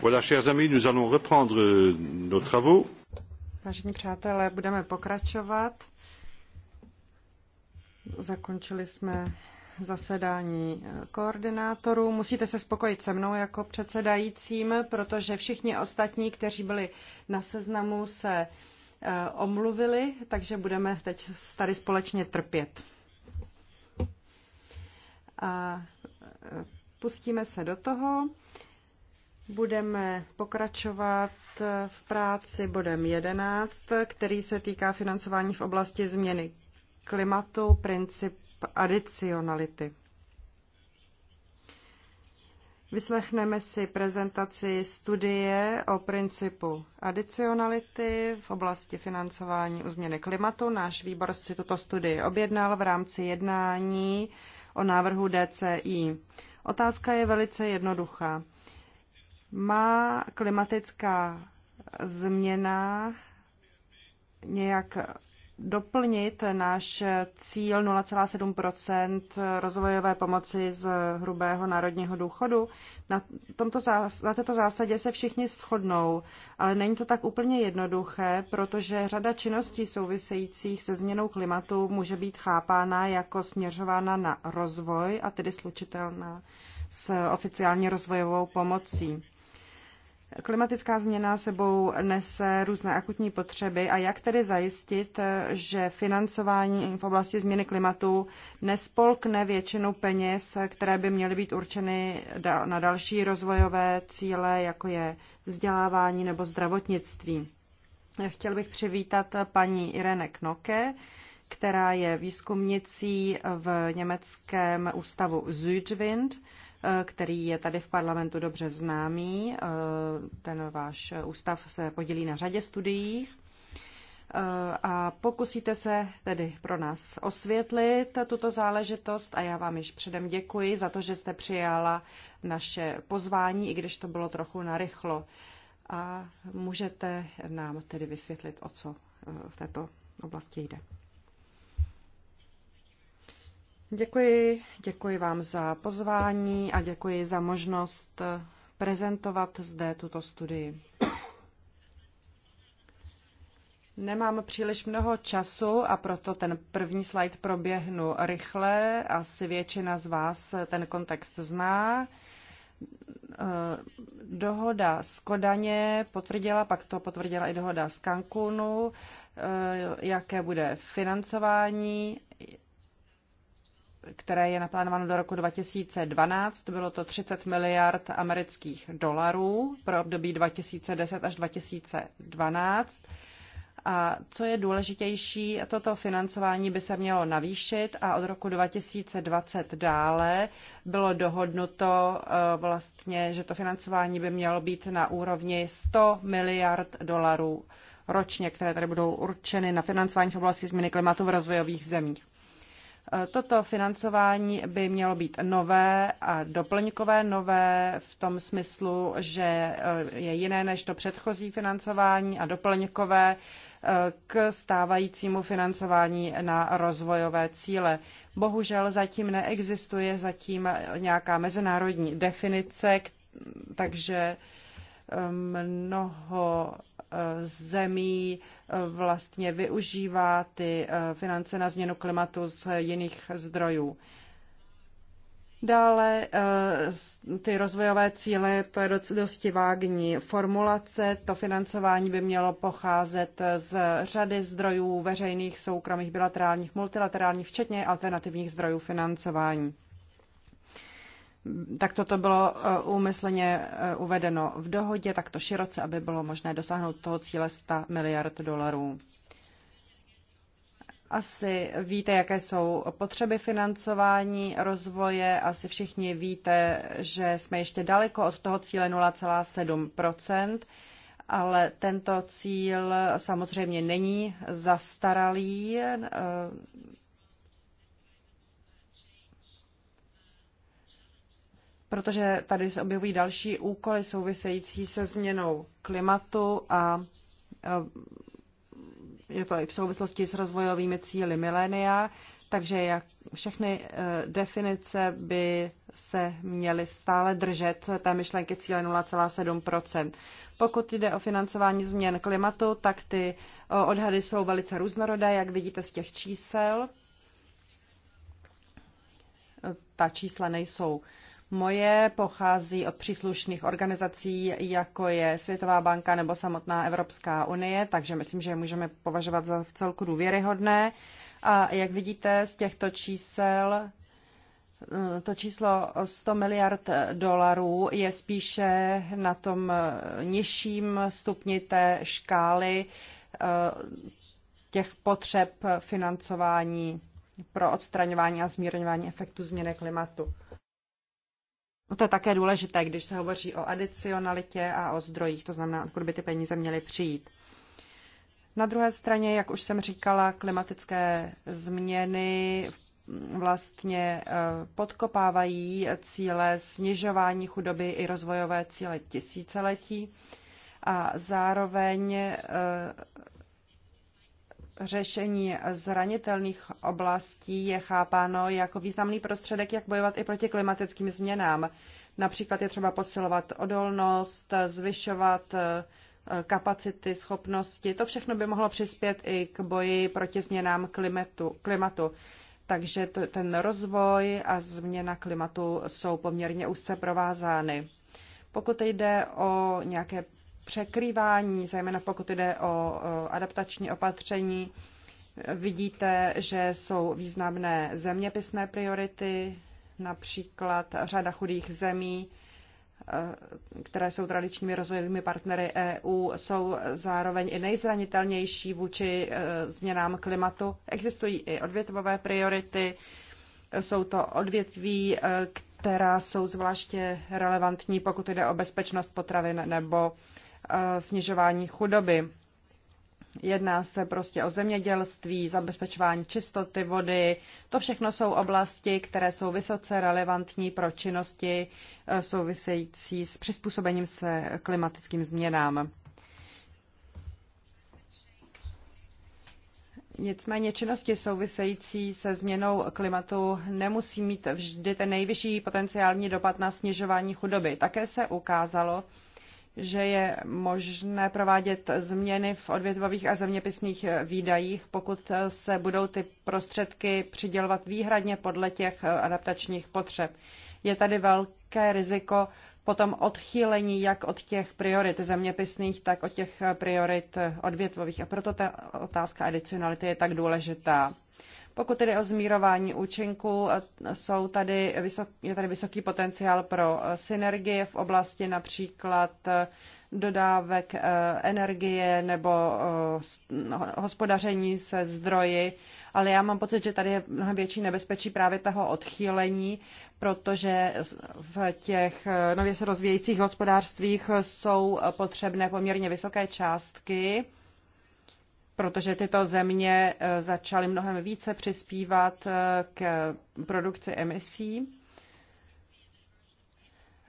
Voilà, chers amis, nous allons reprendre euh, nos travaux. Vážení přátelé, budeme pokračovat. Zakončili jsme zasedání eh, koordinátorů. Musíte se spokojit se mnou jako předsedajícím, protože všichni ostatní, kteří byli na seznamu, se eh, omluvili, takže budeme teď tady společně trpět. A eh, pustíme se do toho. Budeme pokračovat v práci bodem 11, který se týká financování v oblasti změny klimatu, princip adicionality. Vyslechneme si prezentaci studie o principu adicionality v oblasti financování u změny klimatu. Náš výbor si tuto studii objednal v rámci jednání o návrhu DCI. Otázka je velice jednoduchá. Má klimatická změna nějak doplnit náš cíl 0,7 rozvojové pomoci z hrubého národního důchodu. Na, tomto zás, na této zásadě se všichni shodnou, ale není to tak úplně jednoduché, protože řada činností souvisejících se změnou klimatu může být chápána jako směřována na rozvoj a tedy slučitelná s oficiální rozvojovou pomocí. Klimatická změna sebou nese různé akutní potřeby a jak tedy zajistit, že financování v oblasti změny klimatu nespolkne většinu peněz, které by měly být určeny na další rozvojové cíle, jako je vzdělávání nebo zdravotnictví. Chtěl bych přivítat paní Irene Knoke, která je výzkumnicí v německém ústavu Südwind Eh, který je tady v parlamentu dobře známý. Eh, ten váš ústav se podělí na řadě studií eh, a pokusíte se tedy pro nás osvětlit tuto záležitost a já vám již předem děkuji za to, že jste přijala naše pozvání, i když to bylo trochu narychlo. A můžete nám tedy vysvětlit, o co v této oblasti jde. Děkuji, děkuji vám za pozvání a děkuji za možnost prezentovat zde tuto studii. Nemám příliš mnoho času a proto ten první slide proběhnu rychle. Asi většina z vás ten kontext zná. Eh, dohoda z Kodaně potvrdila, pak to potvrdila i dohoda z Cancúnu, eh, jaké bude financování, které je naplánováno do roku 2012. Bylo to 30 miliard amerických dolarů pro období 2010 až 2012. A co je důležitější, toto financování by se mělo navýšit a od roku 2020 dále bylo dohodnuto eh, vlastně, že to financování by mělo být na úrovni 100 miliard dolarů ročně, které tady budou určeny na financování v oblasti změny klimatu v rozvojových zemích. Toto financování by mělo být nové a doplňkové nové v tom smyslu, že eh, je jiné než to předchozí financování a doplňkové eh, k stávajícímu financování na rozvojové cíle. Bohužel zatím neexistuje zatím nějaká mezinárodní definice, takže mnoho eh, zemí eh, vlastně využívá ty eh, finance na změnu klimatu z jiných zdrojů. Dále ty rozvojové cíle, to je dosti vágní formulace. To financování by mělo pocházet z řady zdrojů veřejných, soukromých, bilaterálních, multilaterálních, včetně alternativních zdrojů financování. Takto to bylo eh, úmyslně eh, uvedeno v dohodě, takto široce, aby bylo možné dosáhnout toho cíle 100 miliard dolarů. Asi víte, jaké jsou potřeby financování rozvoje. Asi všichni víte, že jsme ještě daleko od toho cíle 0,7 ale tento cíl samozřejmě není zastaralý. Eh, protože tady se objevují další úkoly související se změnou klimatu a je to i v souvislosti s rozvojovými cíly milénia, takže jak všechny e, definice by se měly stále držet té myšlenky cíle 0,7 Pokud jde o financování změn klimatu, tak ty e, odhady jsou velice různorodé, jak vidíte z těch čísel. E, ta čísla nejsou Moje pochází od příslušných organizací, jako je Světová banka nebo samotná Evropská unie, takže myslím, že je můžeme považovat za v celku důvěryhodné. A jak vidíte z těchto čísel, eh, to číslo 100 miliard dolarů je spíše na tom eh, nižším stupni té škály eh, těch potřeb financování pro odstraňování a zmírňování efektu změny klimatu. No, to je také důležité, když se hovoří o adicionalitě a o zdrojích, to znamená, odkud by ty peníze měly přijít. Na druhé straně, jak už jsem říkala, klimatické změny vlastně eh, podkopávají cíle snižování chudoby i rozvojové cíle tisíciletí a zároveň eh, řešení zranitelných oblastí je chápáno jako významný prostředek, jak bojovat i proti klimatickým změnám. Například je třeba posilovat odolnost, zvyšovat eh, kapacity, schopnosti. To všechno by mohlo přispět i k boji proti změnám klimatu. klimatu. Takže to, ten rozvoj a změna klimatu jsou poměrně úzce provázány. Pokud jde o nějaké překrývání, zejména pokud jde o adaptační opatření. Vidíte, že jsou významné zeměpisné priority, například řada chudých zemí, e, které jsou tradičními rozvojovými partnery EU, jsou zároveň i nejzranitelnější vůči e, změnám klimatu. Existují i odvětvové priority, jsou to odvětví, e, která jsou zvláště relevantní, pokud jde o bezpečnost potravin nebo Eh, snižování chudoby. Jedná se prostě o zemědělství, zabezpečování čistoty vody. To všechno jsou oblasti, které jsou vysoce relevantní pro činnosti eh, související s přizpůsobením se klimatickým změnám. Nicméně činnosti související se změnou klimatu nemusí mít vždy ten nejvyšší potenciální dopad na snižování chudoby. Také se ukázalo, že je možné provádět změny v odvětvových a zeměpisných výdajích, pokud se budou ty prostředky přidělovat výhradně podle těch adaptačních potřeb. Je tady velké riziko potom odchýlení jak od těch priorit zeměpisných, tak od těch priorit odvětvových. A proto ta otázka adicionality je tak důležitá. Pokud tedy o zmírování účinku, jsou tady vysok, je tady vysoký potenciál pro eh, synergie v oblasti například eh, dodávek eh, energie nebo no, hospodaření se zdroji, ale já mám pocit, že tady je mnohem větší nebezpečí právě toho odchýlení, protože v těch nově se rozvíjejících hospodářstvích jsou potřebné poměrně vysoké částky protože tyto země eh, začaly mnohem více přispívat eh, k produkci emisí.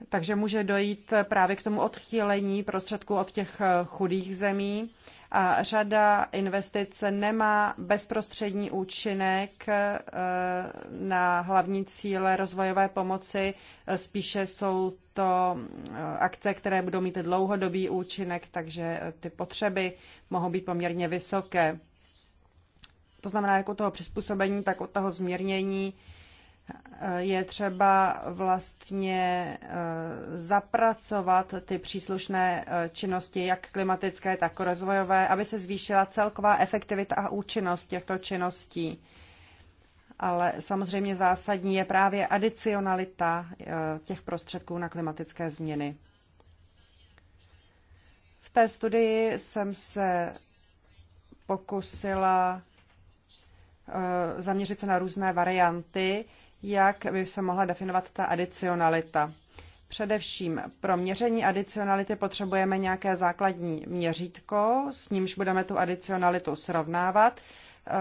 Takže může dojít právě k tomu odchýlení prostředků od těch eh, chudých zemí. A řada investic nemá bezprostřední účinek eh, na hlavní cíle rozvojové pomoci. Eh, spíše jsou to akce, které budou mít dlouhodobý účinek, takže ty potřeby mohou být poměrně vysoké. To znamená, jak u toho přizpůsobení, tak u toho zmírnění je třeba vlastně eh, zapracovat ty příslušné eh, činnosti, jak klimatické, tak rozvojové, aby se zvýšila celková efektivita a účinnost těchto činností. Ale samozřejmě zásadní je právě adicionalita eh, těch prostředků na klimatické změny. V té studii jsem se pokusila zaměřit se na různé varianty, jak by se mohla definovat ta adicionalita. Především pro měření adicionality potřebujeme nějaké základní měřítko, s nímž budeme tu adicionalitu srovnávat. Eh,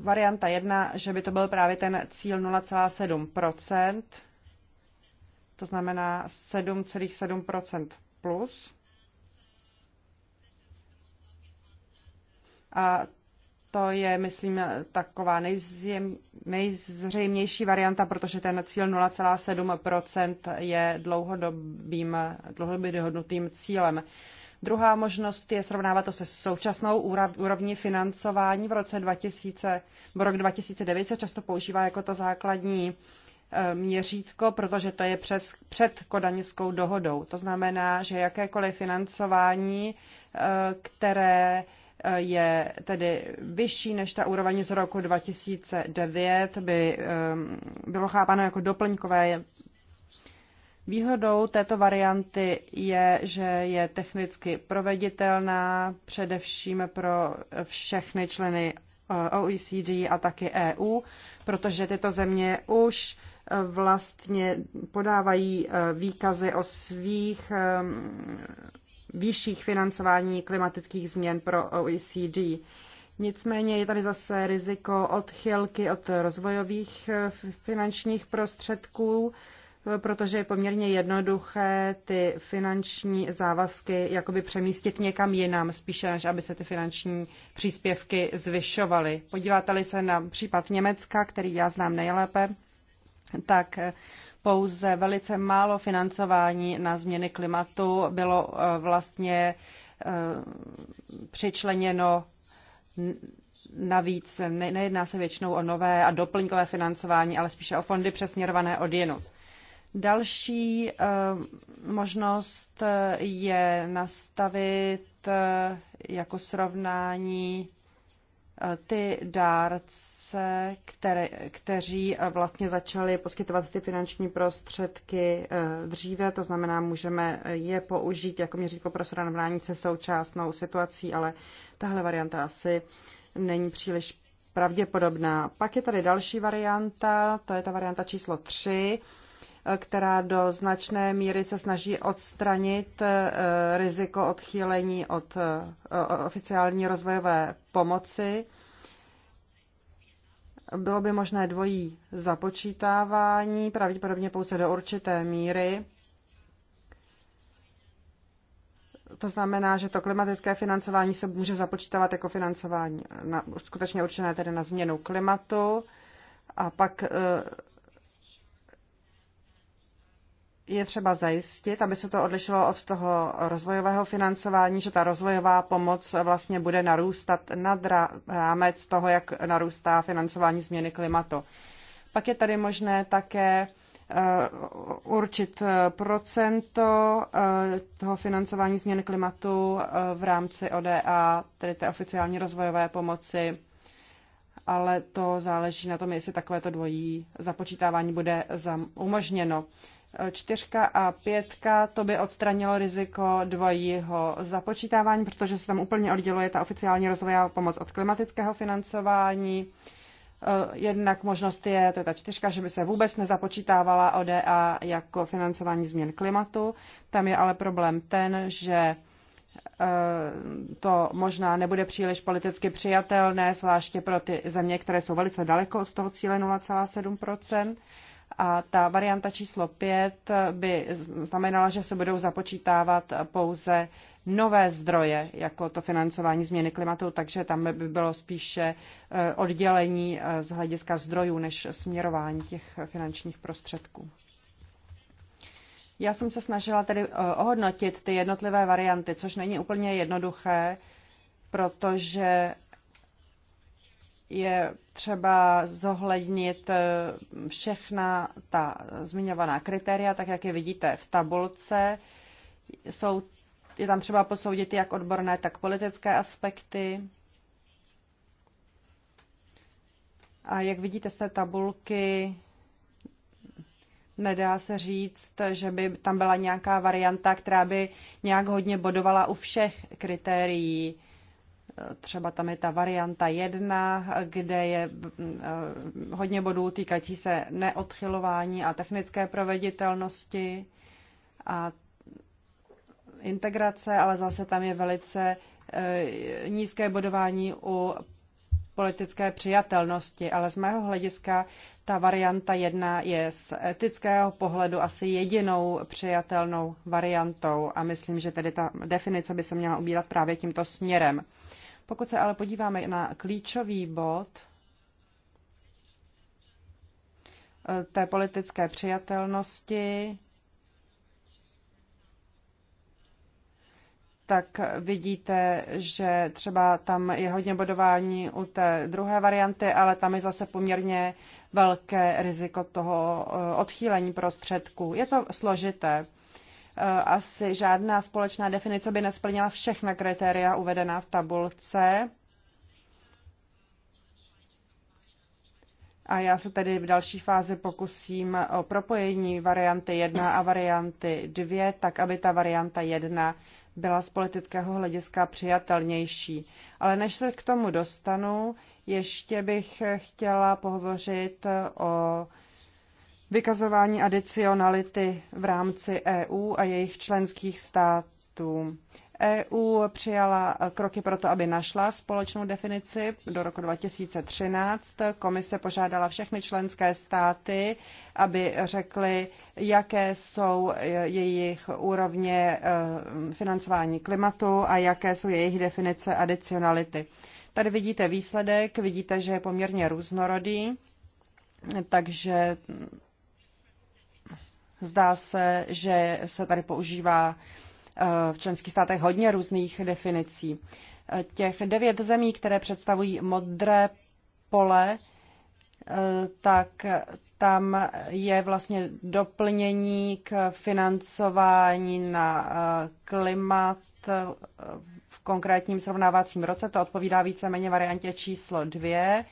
varianta jedna, že by to byl právě ten cíl 0,7 to znamená 7,7 plus. A to je, myslím, taková nejzjem, nejzřejmější varianta, protože ten cíl 0,7 je dlouhodobým, dlouhodobě dohodnutým cílem. Druhá možnost je srovnávat to se současnou úrovní financování. V roce 2000, v rok 2009 se často používá jako to základní e, měřítko, protože to je přes, před kodaňskou dohodou. To znamená, že jakékoliv financování, e, které je tedy vyšší než ta úroveň z roku 2009, by ehm, bylo chápáno jako doplňkové. Výhodou této varianty je, že je technicky proveditelná především pro všechny členy eh, OECD a taky EU, protože tyto země už eh, vlastně podávají eh, výkazy o svých ehm, vyšších financování klimatických změn pro OECD. Nicméně je tady zase riziko odchylky od rozvojových eh, finančních prostředků, protože je poměrně jednoduché ty finanční závazky jakoby přemístit někam jinam, spíše než aby se ty finanční příspěvky zvyšovaly. Podíváte-li se na případ Německa, který já znám nejlépe, tak eh, pouze velice málo financování na změny klimatu bylo eh, vlastně eh, přičleněno navíc. Nejedná se většinou o nové a doplňkové financování, ale spíše o fondy přesměrované od jinut. Další eh, možnost je nastavit jako srovnání ty dárce, organizace, které, kteří eh, vlastně začali poskytovat ty finanční prostředky eh, dříve, to znamená, můžeme je použít jako měřítko pro srovnání se současnou situací, ale tahle varianta asi není příliš pravděpodobná. Pak je tady další varianta, to je ta varianta číslo 3, eh, která do značné míry se snaží odstranit riziko odchýlení od oficiální rozvojové pomoci bylo by možné dvojí započítávání, pravděpodobně pouze do určité míry. To znamená, že to klimatické financování se může započítávat jako financování na, skutečně určené tedy na změnu klimatu. A pak eh, je třeba zajistit, aby se to odlišilo od toho rozvojového financování, že ta rozvojová pomoc vlastně bude narůstat nad rámec toho, jak narůstá financování změny klimatu. Pak je tady možné také eh, určit eh, procento eh, toho financování změny klimatu v rámci ODA, tedy té oficiální rozvojové pomoci, ale to záleží na tom, jestli takovéto dvojí započítávání bude umožněno čtyřka a pětka, to by odstranilo riziko dvojího započítávání, protože se tam úplně odděluje ta oficiální rozvojová pomoc od klimatického financování. Eh, jednak možnost je, to je ta čtyřka, že by se vůbec nezapočítávala ODA jako financování změn klimatu. Tam je ale problém ten, že eh, to možná nebude příliš politicky přijatelné, zvláště pro ty země, které jsou velice daleko od toho cíle 0,7 a ta varianta číslo 5 by znamenala, že se budou započítávat pouze nové zdroje, jako to financování změny klimatu, takže tam by bylo spíše eh, oddělení eh, z hlediska zdrojů než směrování těch finančních prostředků. Já jsem se snažila tedy eh, ohodnotit ty jednotlivé varianty, což není úplně jednoduché, protože je třeba zohlednit eh, všechna ta zmiňovaná kritéria, tak jak je vidíte v tabulce. Jsou, je tam třeba posoudit jak odborné, tak politické aspekty. A jak vidíte z té tabulky, nedá se říct, že by tam byla nějaká varianta, která by nějak hodně bodovala u všech kritérií třeba tam je ta varianta jedna, kde je mm, eh, hodně bodů týkající se neodchylování a technické proveditelnosti a integrace, ale zase tam je velice eh, nízké bodování u politické přijatelnosti, ale z mého hlediska ta varianta jedna je z etického pohledu asi jedinou přijatelnou variantou a myslím, že tedy ta definice by se měla ubírat právě tímto směrem. Pokud se ale podíváme na klíčový bod eh, té politické přijatelnosti, tak vidíte, že třeba tam je hodně bodování u té druhé varianty, ale tam je zase poměrně velké riziko toho eh, odchýlení prostředků. Je to složité. Eh, asi žádná společná definice by nesplnila všechna kritéria uvedená v tabulce. A já se tedy v další fázi pokusím o propojení varianty 1 a varianty 2, tak aby ta varianta 1 byla z politického hlediska přijatelnější. Ale než se k tomu dostanu, ještě bych chtěla pohovořit o vykazování adicionality v rámci EU a jejich členských států. EU přijala kroky pro to, aby našla společnou definici do roku 2013. Komise požádala všechny členské státy, aby řekly, jaké jsou jejich úrovně eh, financování klimatu a jaké jsou jejich definice adicionality. Tady vidíte výsledek, vidíte, že je poměrně různorodý, takže Zdá se, že se tady používá eh, v členských státech hodně různých definicí. Eh, těch devět zemí, které představují modré pole, eh, tak tam je vlastně doplnění k financování na klimat v konkrétním srovnávacím roce. To odpovídá víceméně variantě číslo dvě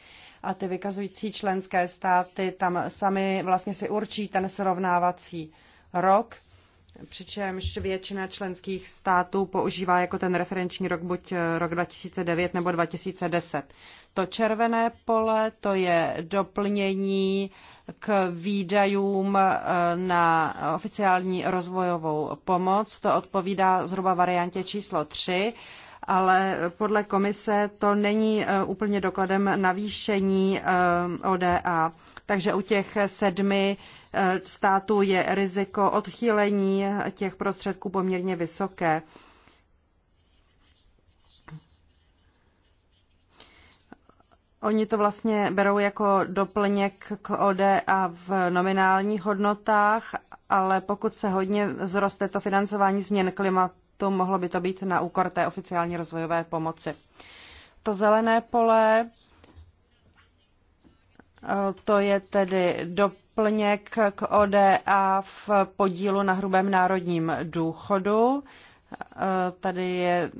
a ty vykazující členské státy tam sami vlastně si určí ten srovnávací rok, přičemž většina členských států používá jako ten referenční rok buď eh, rok 2009 nebo 2010. To červené pole to je doplnění k výdajům eh, na oficiální rozvojovou pomoc. To odpovídá zhruba variantě číslo 3 ale podle komise to není eh, úplně dokladem navýšení eh, ODA. Takže u těch sedmi eh, států je riziko odchýlení těch prostředků poměrně vysoké. Oni to vlastně berou jako doplněk k ODA v nominálních hodnotách, ale pokud se hodně zroste to financování změn klimatu, to mohlo by to být na úkor té oficiální rozvojové pomoci. To zelené pole, eh, to je tedy doplněk k ODA v podílu na hrubém národním důchodu. Eh, tady je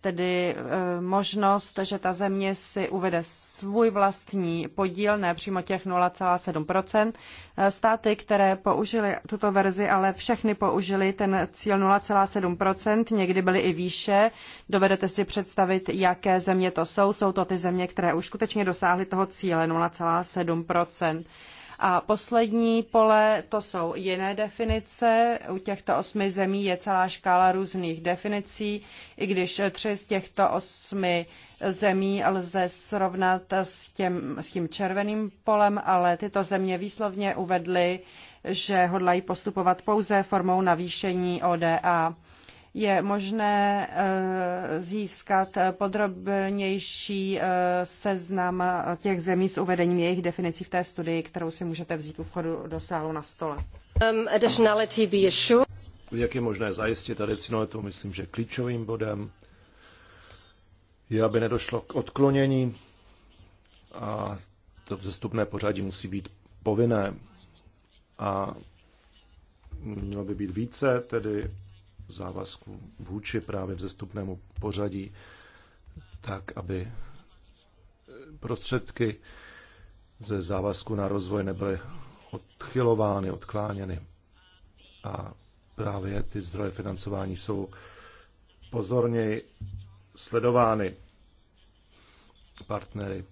tedy eh, možnost, že ta země si uvede svůj vlastní podíl, ne přímo těch 0,7 eh, Státy, které použili tuto verzi, ale všechny použili ten cíl 0,7 někdy byly i výše. Dovedete si představit, jaké země to jsou. Jsou to ty země, které už skutečně dosáhly toho cíle 0,7 a poslední pole, to jsou jiné definice. U těchto osmi zemí je celá škála různých definicí, i když tři z těchto osmi zemí lze srovnat s, těm, s tím červeným polem, ale tyto země výslovně uvedly, že hodlají postupovat pouze formou navýšení ODA je možné eh, získat podrobnější eh, seznam těch zemí s uvedením jejich definicí v té studii, kterou si můžete vzít u vchodu do sálu na stole. Um, Jak je možné zajistit adicionalitu, myslím, že klíčovým bodem je, aby nedošlo k odklonění a to vzestupné pořadí musí být povinné a mělo by být více, tedy závazku vůči právě vzestupnému pořadí, tak aby prostředky ze závazku na rozvoj nebyly odchylovány, odkláněny. A právě ty zdroje financování jsou pozorněji sledovány partnery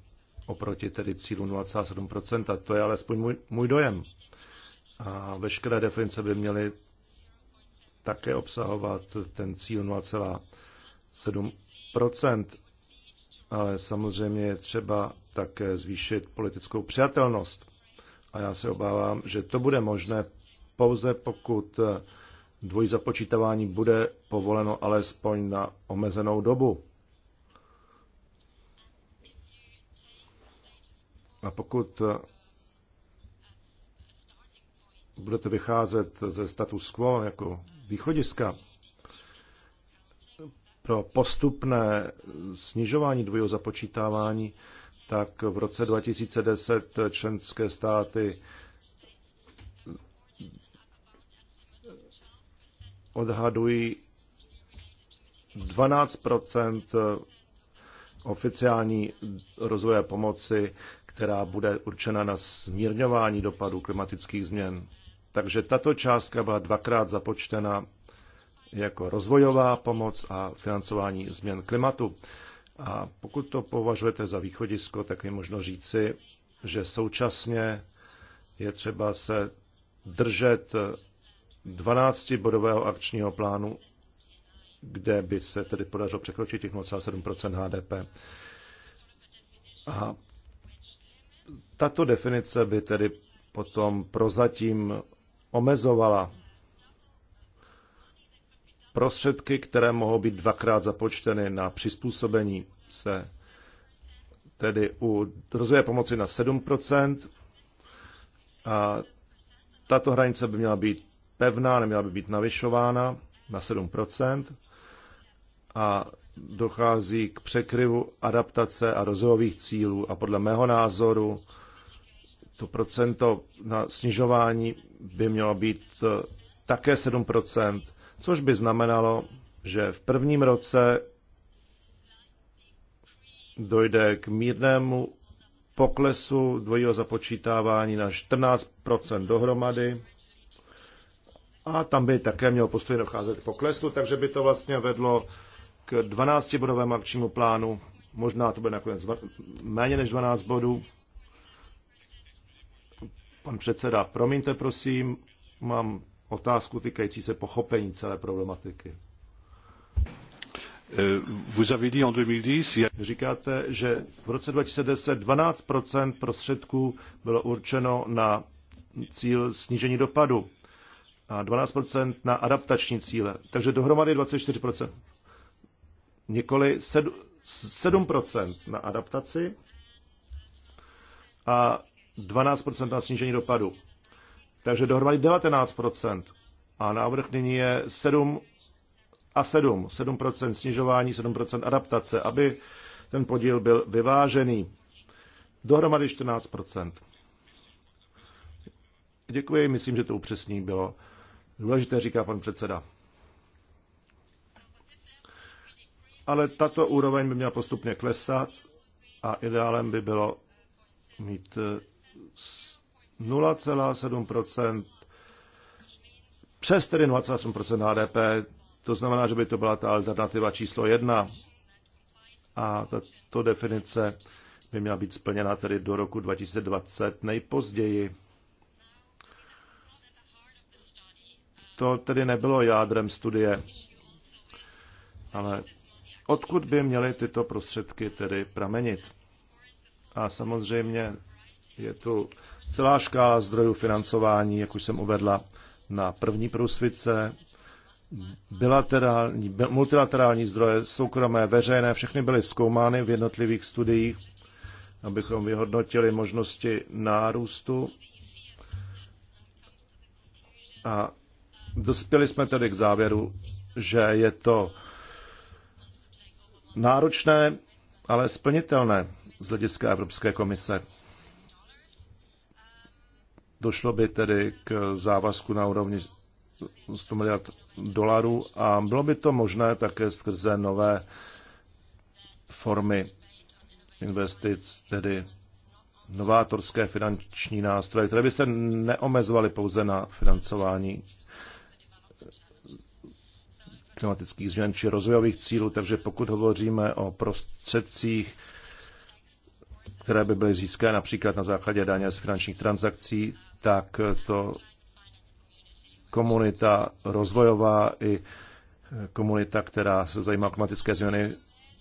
oproti tedy cílu 0,7%. To je alespoň můj, můj dojem. A veškeré definice by měly také obsahovat ten cíl 0,7 ale samozřejmě je třeba také zvýšit politickou přijatelnost. A já se obávám, že to bude možné pouze pokud dvojí započítávání bude povoleno alespoň na omezenou dobu. A pokud budete vycházet ze status quo jako východiska pro postupné snižování dvojího započítávání, tak v roce 2010 členské státy odhadují 12 oficiální rozvoje pomoci, která bude určena na smírňování dopadů klimatických změn. Takže tato částka byla dvakrát započtena jako rozvojová pomoc a financování změn klimatu. A pokud to považujete za východisko, tak je možno říci, že současně je třeba se držet 12-bodového akčního plánu, kde by se tedy podařilo překročit těch 0,7 HDP. A tato definice by tedy potom prozatím omezovala prostředky, které mohou být dvakrát započteny na přizpůsobení se tedy u rozvoje pomoci na 7%. A tato hranice by měla být pevná, neměla by být navyšována na 7%. A dochází k překryvu adaptace a rozvojových cílů a podle mého názoru to procento na snižování by mělo být eh, také 7%, což by znamenalo, že v prvním roce dojde k mírnému poklesu dvojího započítávání na 14% dohromady. A tam by také mělo postupně docházet k poklesu, takže by to vlastně vedlo k 12-bodovému akčnímu plánu. Možná to bude nakonec méně než 12 bodů. Pan předseda, promiňte prosím, mám otázku týkající se pochopení celé problematiky. Eh, vous avez dit en 2010, Říkáte, že v roce 2010 12 prostředků bylo určeno na cíl snížení dopadu a 12 na adaptační cíle. Takže dohromady 24 Nikoli 7 na adaptaci a 12% na snížení dopadu. Takže dohromady 19%. A návrh nyní je 7 a 7. 7% snižování, 7% adaptace, aby ten podíl byl vyvážený. Dohromady 14%. Děkuji, myslím, že to upřesní bylo důležité, říká pan předseda. Ale tato úroveň by měla postupně klesat a ideálem by bylo mít eh, 0,7 přes tedy 0,7% HDP, to znamená, že by to byla ta alternativa číslo jedna a tato definice by měla být splněna tedy do roku 2020 nejpozději. To tedy nebylo jádrem studie, ale odkud by měly tyto prostředky tedy pramenit? A samozřejmě je tu celá škála zdrojů financování, jak už jsem uvedla, na první průsvice, bilaterální, multilaterální zdroje, soukromé, veřejné, všechny byly zkoumány v jednotlivých studiích, abychom vyhodnotili možnosti nárůstu. A dospěli jsme tedy k závěru, že je to náročné, ale splnitelné z hlediska Evropské komise. Došlo by tedy k závazku na úrovni 100 miliard dolarů a bylo by to možné také skrze nové formy investic, tedy novátorské finanční nástroje, které by se neomezovaly pouze na financování klimatických změn či rozvojových cílů. Takže pokud hovoříme o prostředcích které by byly získané například na základě daně z finančních transakcí, tak to komunita rozvojová i komunita, která se zajímá o klimatické změny,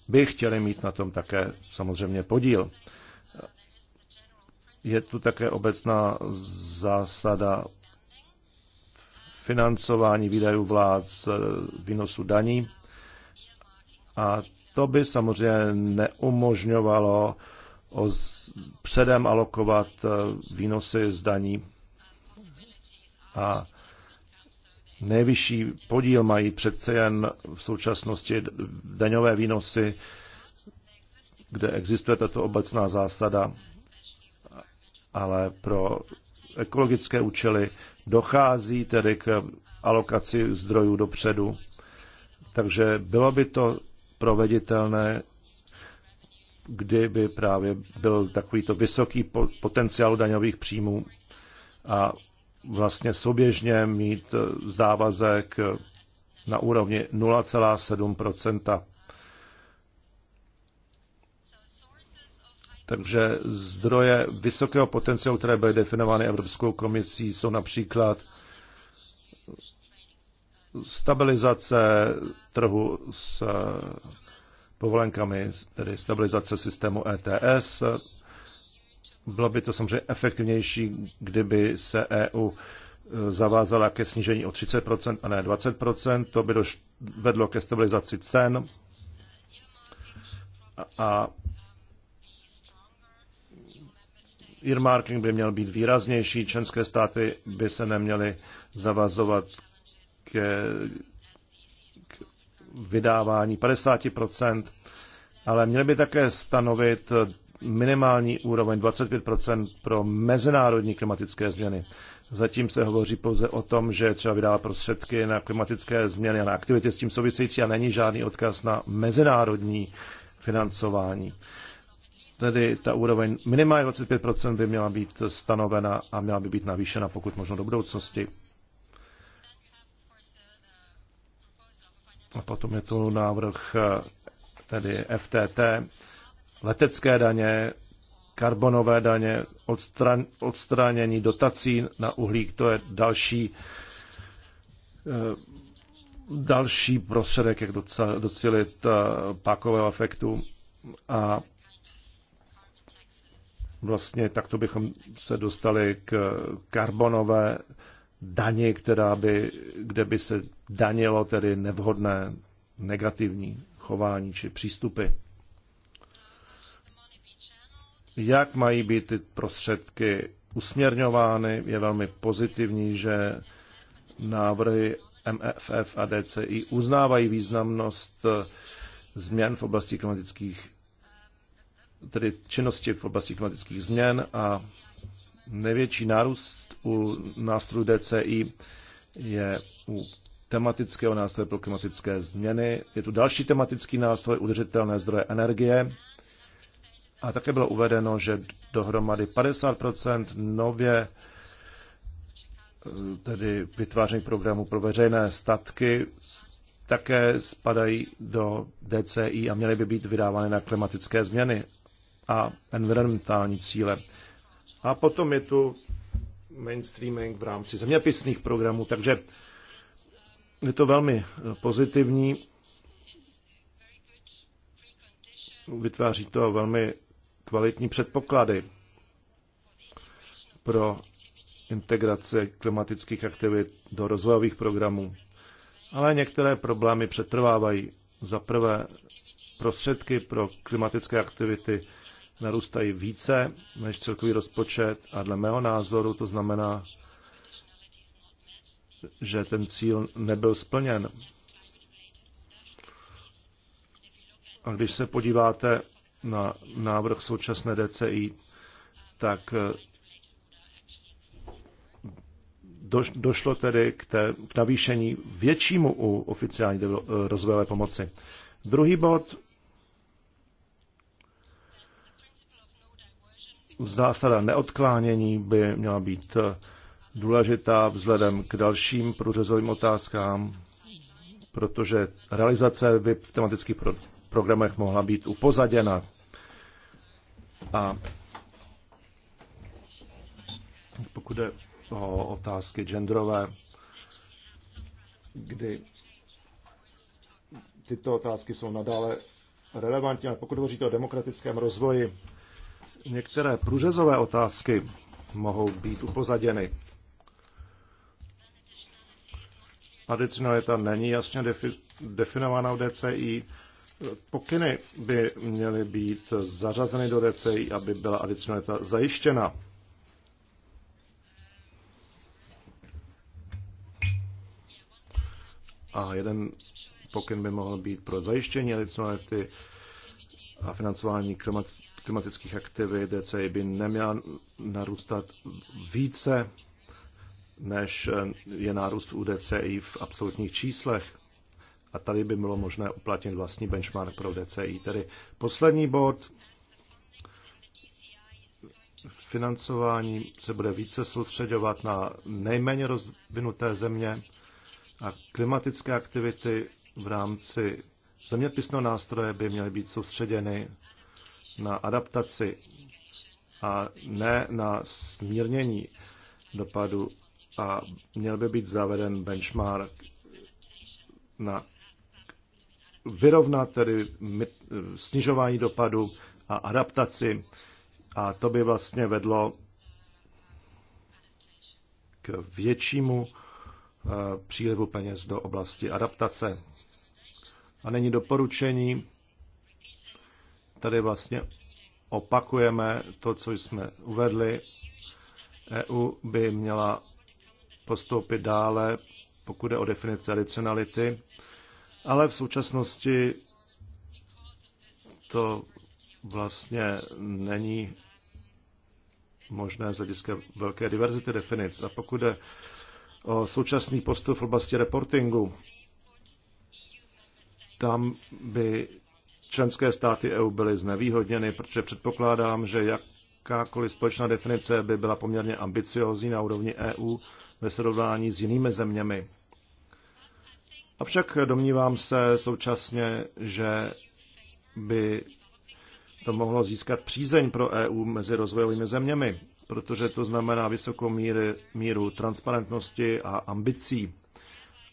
by chtěli mít na tom také samozřejmě podíl. Je tu také obecná zásada financování výdajů vlád z eh, výnosu daní a to by samozřejmě neumožňovalo o předem alokovat eh, výnosy z daní a nejvyšší podíl mají přece jen v současnosti daňové výnosy, kde existuje tato obecná zásada, ale pro ekologické účely dochází tedy k alokaci zdrojů dopředu. Takže bylo by to proveditelné kdyby právě byl takovýto vysoký potenciál daňových příjmů a vlastně souběžně mít eh, závazek eh, na úrovni 0,7 Takže zdroje vysokého potenciálu, které byly definovány Evropskou komisí, jsou například stabilizace trhu s eh, povolenkami, tedy stabilizace systému ETS. Bylo by to samozřejmě efektivnější, kdyby se EU e, zavázala ke snížení o 30% a ne 20%. To by doš- vedlo ke stabilizaci cen a earmarking by měl být výraznější, členské státy by se neměly zavazovat ke vydávání 50%, ale měly by také stanovit minimální úroveň 25% pro mezinárodní klimatické změny. Zatím se hovoří pouze o tom, že třeba vydává prostředky na klimatické změny a na aktivity s tím související a není žádný odkaz na mezinárodní financování. Tedy ta úroveň minimálně 25% by měla být stanovena a měla by být navýšena pokud možno do budoucnosti. A potom je tu návrh eh, tedy FTT, letecké daně, karbonové daně, odstran, odstranění dotací na uhlík, to je další, eh, další prostředek, jak docílit eh, pákového efektu. A vlastně takto bychom se dostali k karbonové daně, která by, kde by se danilo tedy nevhodné negativní chování či přístupy. Jak mají být ty prostředky usměrňovány, je velmi pozitivní, že návrhy MFF a DCI uznávají významnost eh, změn v oblasti klimatických, tedy činnosti v oblasti klimatických změn a Největší nárůst u nástrojů DCI je u tematického nástroje pro klimatické změny. Je tu další tematický nástroj udržitelné zdroje energie. A také bylo uvedeno, že dohromady 50 nově eh, tedy vytváření programů pro veřejné statky také spadají do DCI a měly by být vydávány na klimatické změny a environmentální cíle. A potom je tu mainstreaming v rámci zeměpisných programů, takže je to velmi eh, pozitivní. Vytváří to velmi kvalitní předpoklady pro integraci klimatických aktivit do rozvojových programů. Ale některé problémy přetrvávají. Za prvé, prostředky pro klimatické aktivity narůstají více než celkový rozpočet a dle mého názoru to znamená, že ten cíl nebyl splněn. A když se podíváte na návrh současné DCI, tak eh, došlo tedy k, té, k navýšení většímu u oficiální eh, rozvojové pomoci. Druhý bod zásada neodklánění by měla být eh, důležitá vzhledem k dalším průřezovým otázkám, protože realizace by v tematických pro- programech mohla být upozaděna. A pokud jde o otázky genderové, kdy tyto otázky jsou nadále relevantní, ale pokud hovoříte o demokratickém rozvoji, některé průřezové otázky mohou být upozaděny. Adicionalita není jasně defi- definovaná v DCI. Pokyny by měly být zařazeny do DCI, aby byla adicionalita zajištěna. A jeden pokyn by mohl být pro zajištění adicionality a financování klimatické klimatických aktivit DCI by neměla narůstat více, než eh, je nárůst u DCI v absolutních číslech. A tady by bylo možné uplatnit vlastní benchmark pro DCI. Tedy poslední bod. Financování se bude více soustředovat na nejméně rozvinuté země a klimatické aktivity v rámci zeměpisného nástroje by měly být soustředěny na adaptaci a ne na smírnění dopadu a měl by být zaveden benchmark na vyrovnat tedy snižování dopadu a adaptaci a to by vlastně vedlo k většímu eh, přílivu peněz do oblasti adaptace. A není doporučení Tady vlastně opakujeme to, co jsme uvedli. EU by měla postoupit dále, pokud je o definici adicionality, ale v současnosti to vlastně není možné z hlediska velké diverzity definic. A pokud je o současný postup v oblasti reportingu, tam by členské státy EU byly znevýhodněny, protože předpokládám, že jakákoliv společná definice by byla poměrně ambiciozní na úrovni EU ve srovnání s jinými zeměmi. Avšak domnívám se současně, že by to mohlo získat přízeň pro EU mezi rozvojovými zeměmi, protože to znamená vysokou míru, míru transparentnosti a ambicí.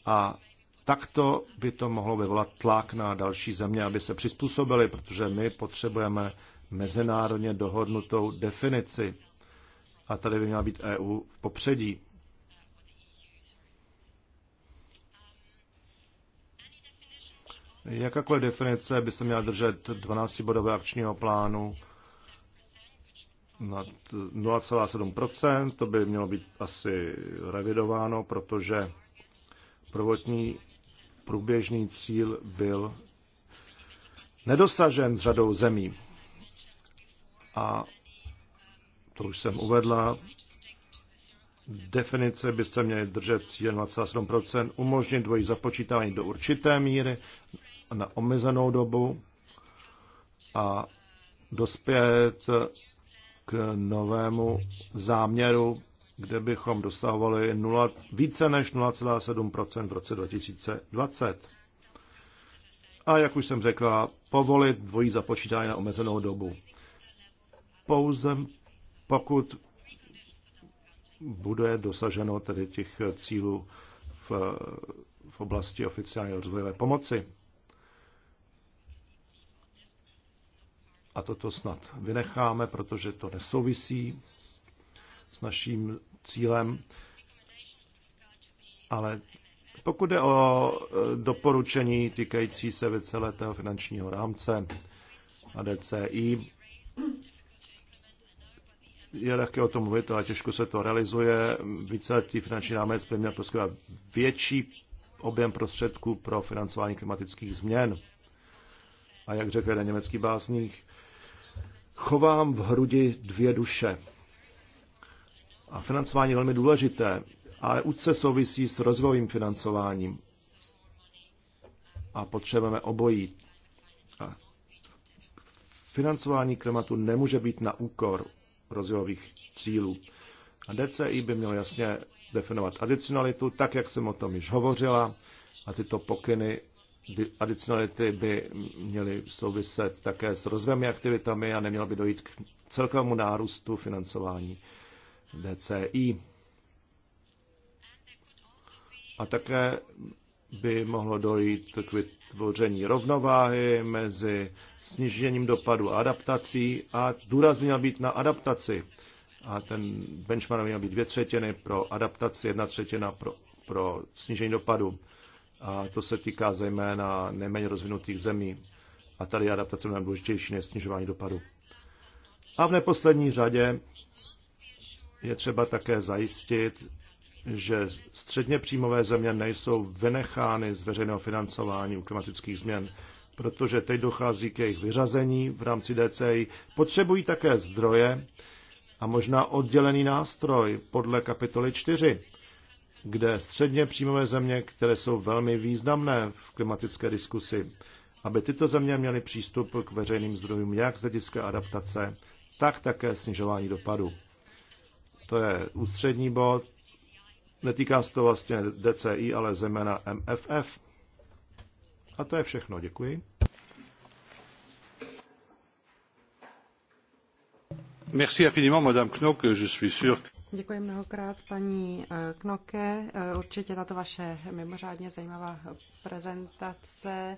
A Takto by to mohlo vyvolat tlak na další země, aby se přizpůsobili, protože my potřebujeme mezinárodně dohodnutou definici. A tady by měla být EU v popředí. Jakákoliv definice by se měla držet 12 bodové akčního plánu na 0,7%. To by mělo být asi revidováno, protože prvotní průběžný cíl byl nedosažen s řadou zemí. A to už jsem uvedla, definice by se měly držet cíl 27%, umožnit dvojí započítání do určité míry na omezenou dobu a dospět k novému záměru kde bychom dosahovali 0, více než 0,7 v roce 2020. A jak už jsem řekla, povolit dvojí započítání na omezenou dobu. Pouze pokud bude dosaženo tedy těch cílů v, v oblasti oficiální rozvojové pomoci. A toto snad vynecháme, protože to nesouvisí s naším cílem. Ale pokud je o e, doporučení týkající se víceletého finančního rámce a DCI, je lehké o tom mluvit, ale těžko se to realizuje. Víceletý finanční rámec by měl poskytovat větší objem prostředků pro financování klimatických změn. A jak řekl jeden německý básník, chovám v hrudi dvě duše – a financování je velmi důležité, ale úzce souvisí s rozvojovým financováním. A potřebujeme obojí. A financování klimatu nemůže být na úkor rozvojových cílů. A DCI by mělo jasně definovat adicionalitu, tak jak jsem o tom již hovořila, a tyto pokyny adicionality by měly souviset také s rozvojovými aktivitami a nemělo by dojít k celkovému nárůstu financování. DCI. A také by mohlo dojít k vytvoření rovnováhy mezi snížením dopadu a adaptací a důraz měl být na adaptaci. A ten benchmark měl být dvě třetiny pro adaptaci, jedna třetina pro, pro snížení dopadu. A to se týká zejména nejméně rozvinutých zemí. A tady adaptace je důležitější než snižování dopadu. A v neposlední řadě je třeba také zajistit, že středně příjmové země nejsou vynechány z veřejného financování u klimatických změn, protože teď dochází k jejich vyřazení v rámci DCI. Potřebují také zdroje a možná oddělený nástroj podle kapitoly 4, kde středně příjmové země, které jsou velmi významné v klimatické diskusi, aby tyto země měly přístup k veřejným zdrojům jak z hlediska adaptace, tak také snižování dopadu. To je ústřední bod. Netýká se to vlastně DCI, ale zejména MFF. A to je všechno. Děkuji. Merci infiniment, Madame Knock. Je suis sûr Děkuji mnohokrát, paní eh, Knoke. Eh, určitě tato vaše mimořádně zajímavá prezentace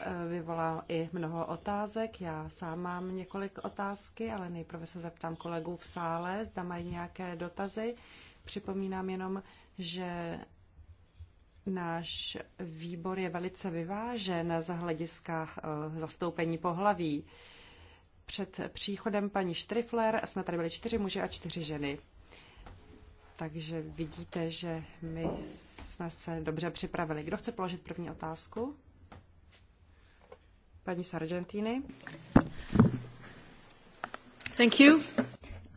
Eh, vyvolal i mnoho otázek. Já sám mám několik otázky, ale nejprve se zeptám kolegů v sále, zda mají nějaké dotazy. Připomínám jenom, že náš výbor je velice vyvážen z hlediska eh, zastoupení pohlaví. Před příchodem paní Štrifler jsme tady byli čtyři muži a čtyři ženy. Takže vidíte, že my jsme se dobře připravili. Kdo chce položit první otázku? Paní Sargentini. Thank you.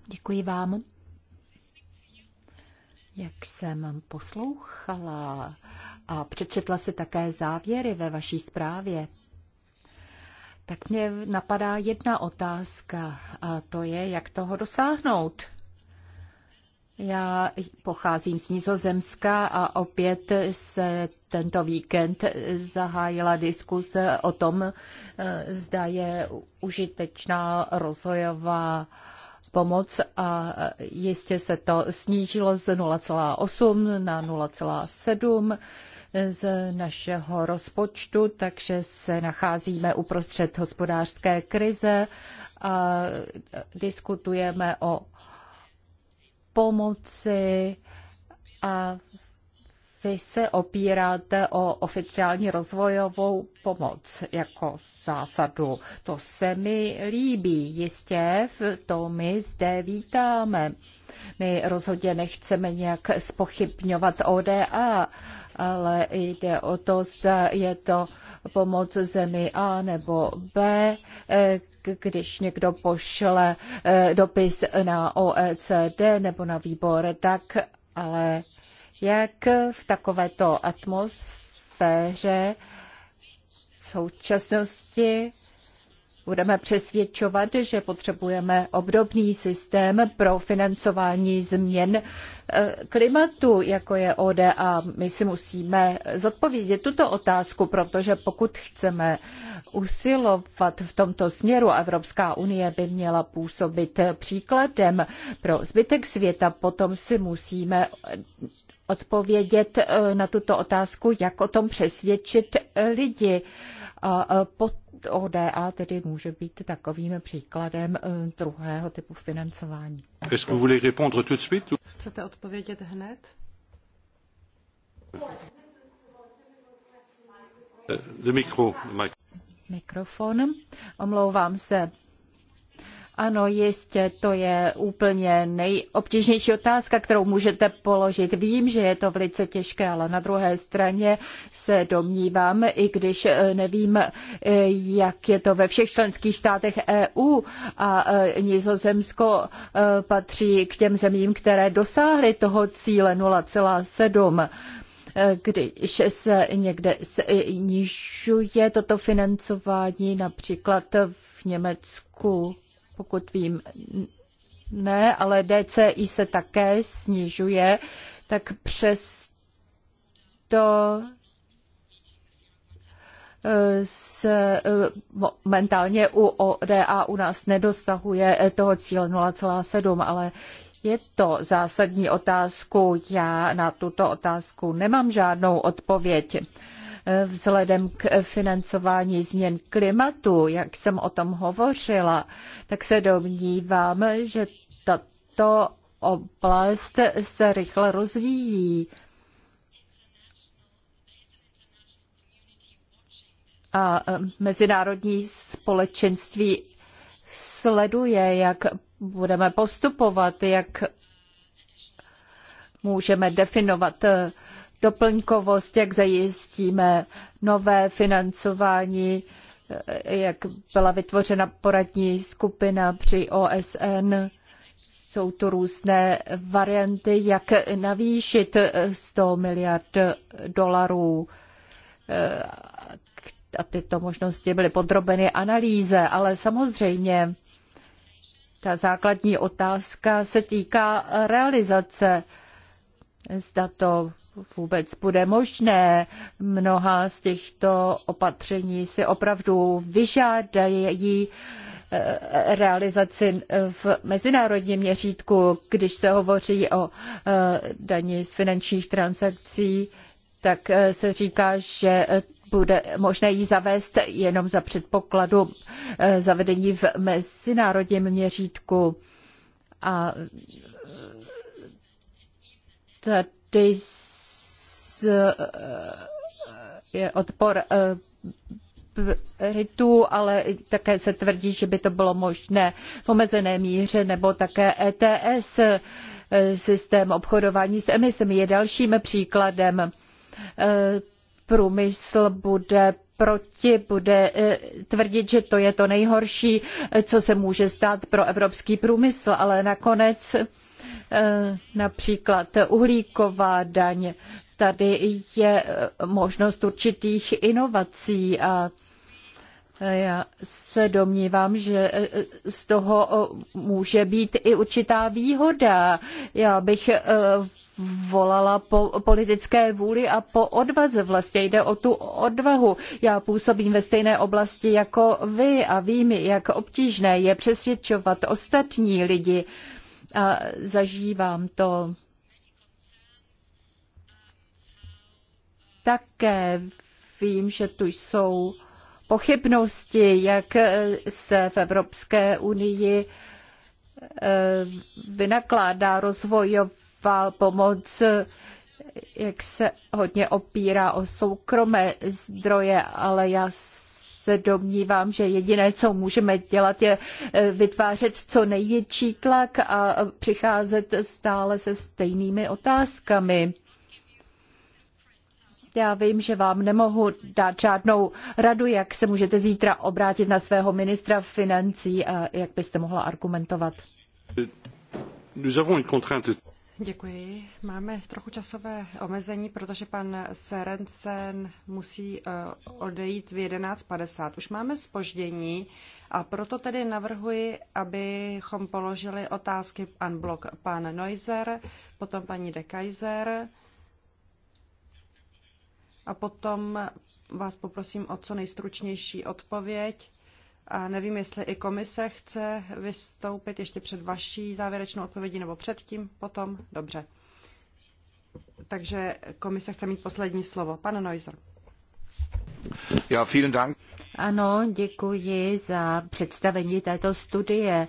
Děkuji vám. Jak jsem poslouchala a přečetla si také závěry ve vaší zprávě, tak mě napadá jedna otázka a to je, jak toho dosáhnout. Já pocházím z Nizozemska a opět se tento víkend zahájila diskuse o tom, eh, zda je užitečná rozvojová pomoc a jistě se to snížilo z 0,8 na 0,7 z našeho rozpočtu, takže se nacházíme uprostřed hospodářské krize a diskutujeme o pomoci a vy se opíráte o oficiální rozvojovou pomoc jako zásadu. To se mi líbí, jistě, to my zde vítáme. My rozhodně nechceme nějak spochybňovat ODA, ale jde o to, zda je to pomoc zemi A nebo B, když někdo pošle eh, dopis na OECD nebo na výbor, tak ale jak v takovéto atmosféře v současnosti budeme přesvědčovat, že potřebujeme obdobný systém pro financování změn eh, klimatu, jako je ODA. My si musíme zodpovědět tuto otázku, protože pokud chceme usilovat v tomto směru, Evropská unie by měla působit příkladem pro zbytek světa, potom si musíme odpovědět eh, na tuto otázku, jak o tom přesvědčit eh, lidi. A eh, pod ODA tedy může být takovým příkladem druhého typu financování. Chcete odpovědět hned? Euh, Mikrofon. Omlouvám se. Ano, jistě, to je úplně nejobtížnější otázka, kterou můžete položit. Vím, že je to velice těžké, ale na druhé straně se domnívám, i když eh, nevím, eh, jak je to ve všech členských státech EU a eh, Nizozemsko patří k těm zemím, které dosáhly toho cíle 0,7 když se někde snižuje toto financování, například v Německu. Pokud vím, ne, ale DCI se také snižuje, tak přes to eh, s, eh, momentálně u ODA u nás nedosahuje eh, toho cíle 0,7, ale je to zásadní otázku. Já na tuto otázku nemám žádnou odpověď. E, vzhledem k financování změn klimatu, jak jsem o tom hovořila, tak se domnívám, že tato oblast se rychle rozvíjí. A e, mezinárodní společenství sleduje, jak budeme postupovat, jak můžeme definovat e, doplňkovost, jak zajistíme nové financování, jak byla vytvořena poradní skupina při OSN. Jsou tu různé varianty, jak navýšit 100 miliard dolarů. A tyto možnosti byly podrobeny analýze, ale samozřejmě ta základní otázka se týká realizace zda to vůbec bude možné. Mnoha z těchto opatření si opravdu vyžádají eh, realizaci v mezinárodním měřítku, když se hovoří o eh, daní z finančních transakcí, tak eh, se říká, že bude možné ji zavést jenom za předpokladu zavedení v mezinárodním měřítku. A Tady z, eh, je odpor eh, Britů, ale také se tvrdí, že by to bylo možné v omezené míře, nebo také ETS, eh, systém obchodování s emisemi, je dalším příkladem. Průmysl bude proti, bude tvrdit, že to je to nejhorší, co se může stát pro evropský průmysl, ale nakonec Eh, například uhlíková daň. Tady je eh, možnost určitých inovací a eh, já se domnívám, že z toho může být i určitá výhoda. Já bych volala po politické vůli a po odvaze. Vlastně jde o tu odvahu. Já působím ve stejné oblasti jako vy a vím, jak obtížné je přesvědčovat ostatní lidi. Uh, a zažívám to. Také vím, že tu jsou pochybnosti, jak se v Evropské unii eh, vynakládá rozvojová pomoc, jak se hodně opírá o soukromé zdroje, ale já se domnívám, že jediné, co můžeme dělat, je eh, vytvářet co největší tlak a přicházet stále se stejnými otázkami. Já vím, že vám nemohu dát žádnou radu, jak se můžete zítra obrátit na svého ministra financí a jak byste mohla argumentovat. Děkuji. Máme trochu časové omezení, protože pan Serencen musí eh, odejít v 11.50. Už máme spoždění a proto tedy navrhuji, abychom položili otázky unblock pan Neuser, potom paní de Kaiser a potom vás poprosím o co nejstručnější odpověď a nevím, jestli i komise chce vystoupit ještě před vaší závěrečnou odpovědí nebo předtím, potom. Dobře. Takže komise chce mít poslední slovo. Pan Neuser. Ja, vielen Dank. Ano, děkuji za představení této studie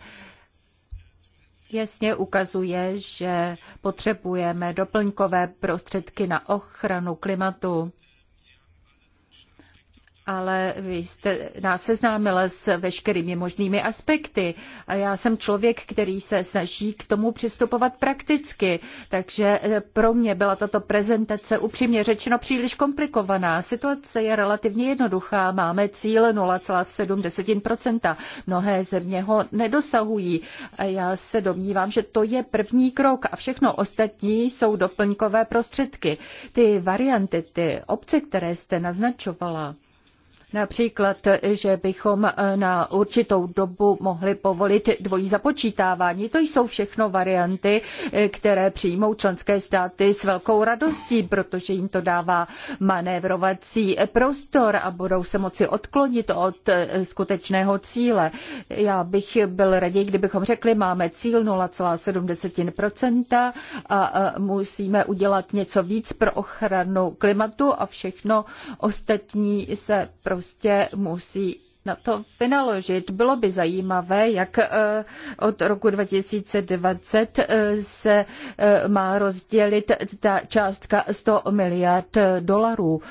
jasně ukazuje, že potřebujeme doplňkové prostředky na ochranu klimatu ale vy jste nás seznámila s veškerými možnými aspekty a já jsem člověk, který se snaží k tomu přistupovat prakticky, takže eh, pro mě byla tato prezentace upřímně řečeno příliš komplikovaná. Situace je relativně jednoduchá, máme cíl 0,7%, mnohé země ho nedosahují a já se domnívám, že to je první krok a všechno ostatní jsou doplňkové prostředky. Ty varianty, ty obce, které jste naznačovala, Například, že bychom eh, na určitou dobu mohli povolit dvojí započítávání. To jsou všechno varianty, eh, které přijmou členské státy s velkou radostí, protože jim to dává manévrovací prostor a budou se moci odklonit od eh, skutečného cíle. Já bych byl raději, kdybychom řekli, máme cíl 0,7% a musíme udělat něco víc pro ochranu klimatu a všechno ostatní se prostě prostě musí na to vynaložit. Bylo by zajímavé, jak eh, od roku 2020 eh, se eh, má rozdělit ta částka 100 miliard dolarů,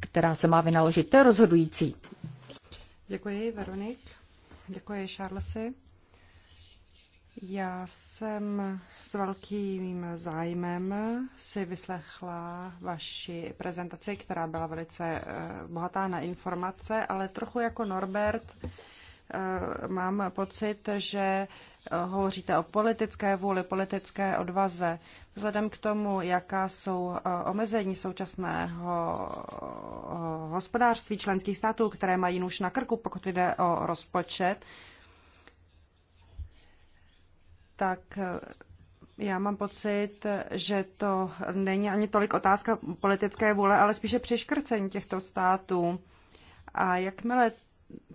která se má vynaložit. To je rozhodující. Děkuji, Veronik. Děkuji, Charlesy. Já jsem s velkým zájmem si vyslechla vaši prezentaci, která byla velice eh, bohatá na informace, ale trochu jako Norbert eh, mám pocit, že eh, hovoříte o politické vůli, politické odvaze. Vzhledem k tomu, jaká jsou omezení současného hospodářství členských států, které mají nůž na krku, pokud jde o rozpočet, tak eh, já mám pocit, že to není ani tolik otázka politické vůle, ale spíše přeškrcení těchto států. A jakmile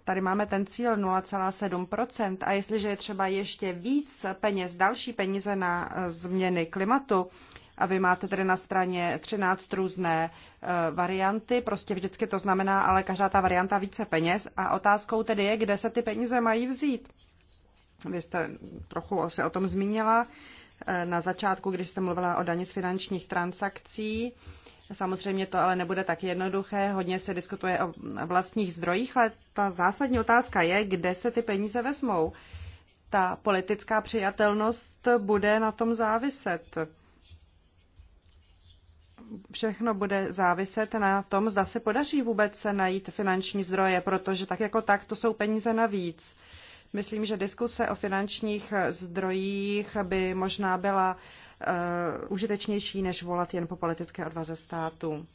tady máme ten cíl 0,7 a jestliže je třeba ještě víc peněz, další peníze na eh, změny klimatu, a vy máte tedy na straně 13 různé eh, varianty, prostě vždycky to znamená, ale každá ta varianta více peněz a otázkou tedy je, kde se ty peníze mají vzít vy jste trochu se o tom zmínila eh, na začátku, když jste mluvila o daně z finančních transakcí. Samozřejmě to ale nebude tak jednoduché. Hodně se diskutuje o vlastních zdrojích, ale ta zásadní otázka je, kde se ty peníze vezmou. Ta politická přijatelnost bude na tom záviset. Všechno bude záviset na tom, zda se podaří vůbec najít finanční zdroje, protože tak jako tak to jsou peníze navíc. Myslím, že diskuse o finančních eh, zdrojích by možná byla uh, užitečnější, než volat jen po politické odvaze státu.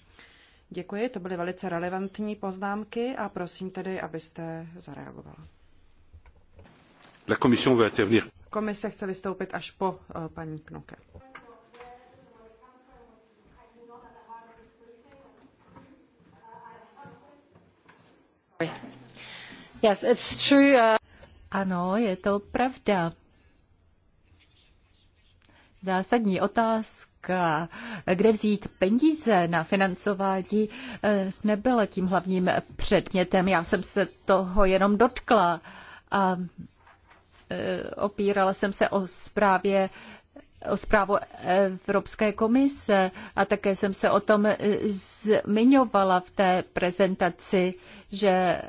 Děkuji, to byly velice relevantní poznámky a prosím tedy, abyste zareagovala. La Komise chce vystoupit až po uh, paní Knoke. Yes, it's true. Uh... Ano, je to pravda. Zásadní otázka, kde vzít peníze na financování, eh, nebyla tím hlavním předmětem. Já jsem se toho jenom dotkla a eh, opírala jsem se o zprávě o zprávu Evropské komise a také jsem se o tom zmiňovala v té prezentaci, že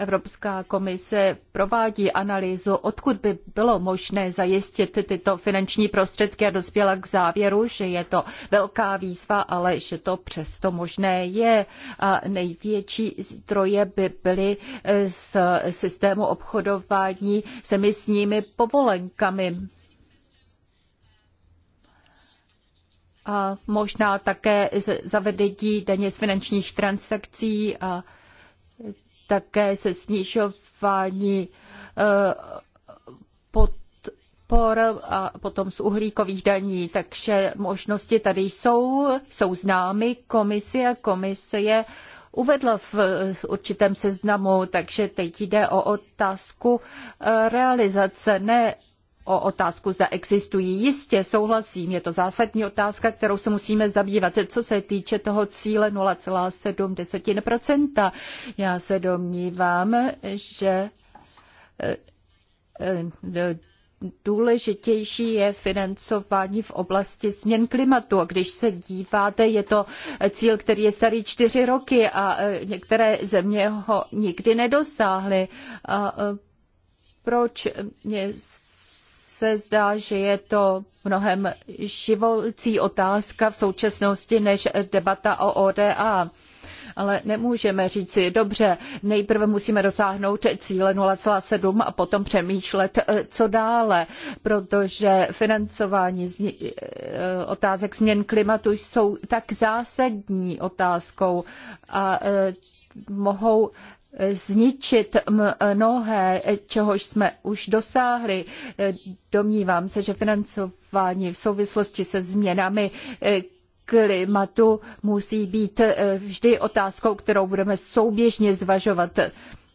Evropská komise provádí analýzu, odkud by bylo možné zajistit tyto finanční prostředky a dospěla k závěru, že je to velká výzva, ale že to přesto možné je. A největší zdroje by byly eh, z systému obchodování s emisními povolenkami. a možná také zavedení daně z finančních transakcí a také se snižování eh, podpor a potom z uhlíkových daní. Takže možnosti tady jsou, jsou známy komisi a komise je uvedla v určitém seznamu, takže teď jde o otázku eh, realizace, ne o otázku, zda existují. Jistě souhlasím, je to zásadní otázka, kterou se musíme zabývat. Co se týče toho cíle 0,7%, já se domnívám, že eh, eh, důležitější je financování v oblasti změn klimatu. A když se díváte, je to cíl, který je starý čtyři roky a eh, některé země ho nikdy nedosáhly. A proč mě se zdá, že je to mnohem živoucí otázka v současnosti než debata o ODA. Ale nemůžeme říci, dobře, nejprve musíme dosáhnout cíle 0,7 a potom přemýšlet, eh, co dále, protože financování eh, otázek změn klimatu jsou tak zásadní otázkou a eh, mohou zničit mnohé, čehož jsme už dosáhli. Domnívám se, že financování v souvislosti se změnami klimatu musí být vždy otázkou, kterou budeme souběžně zvažovat.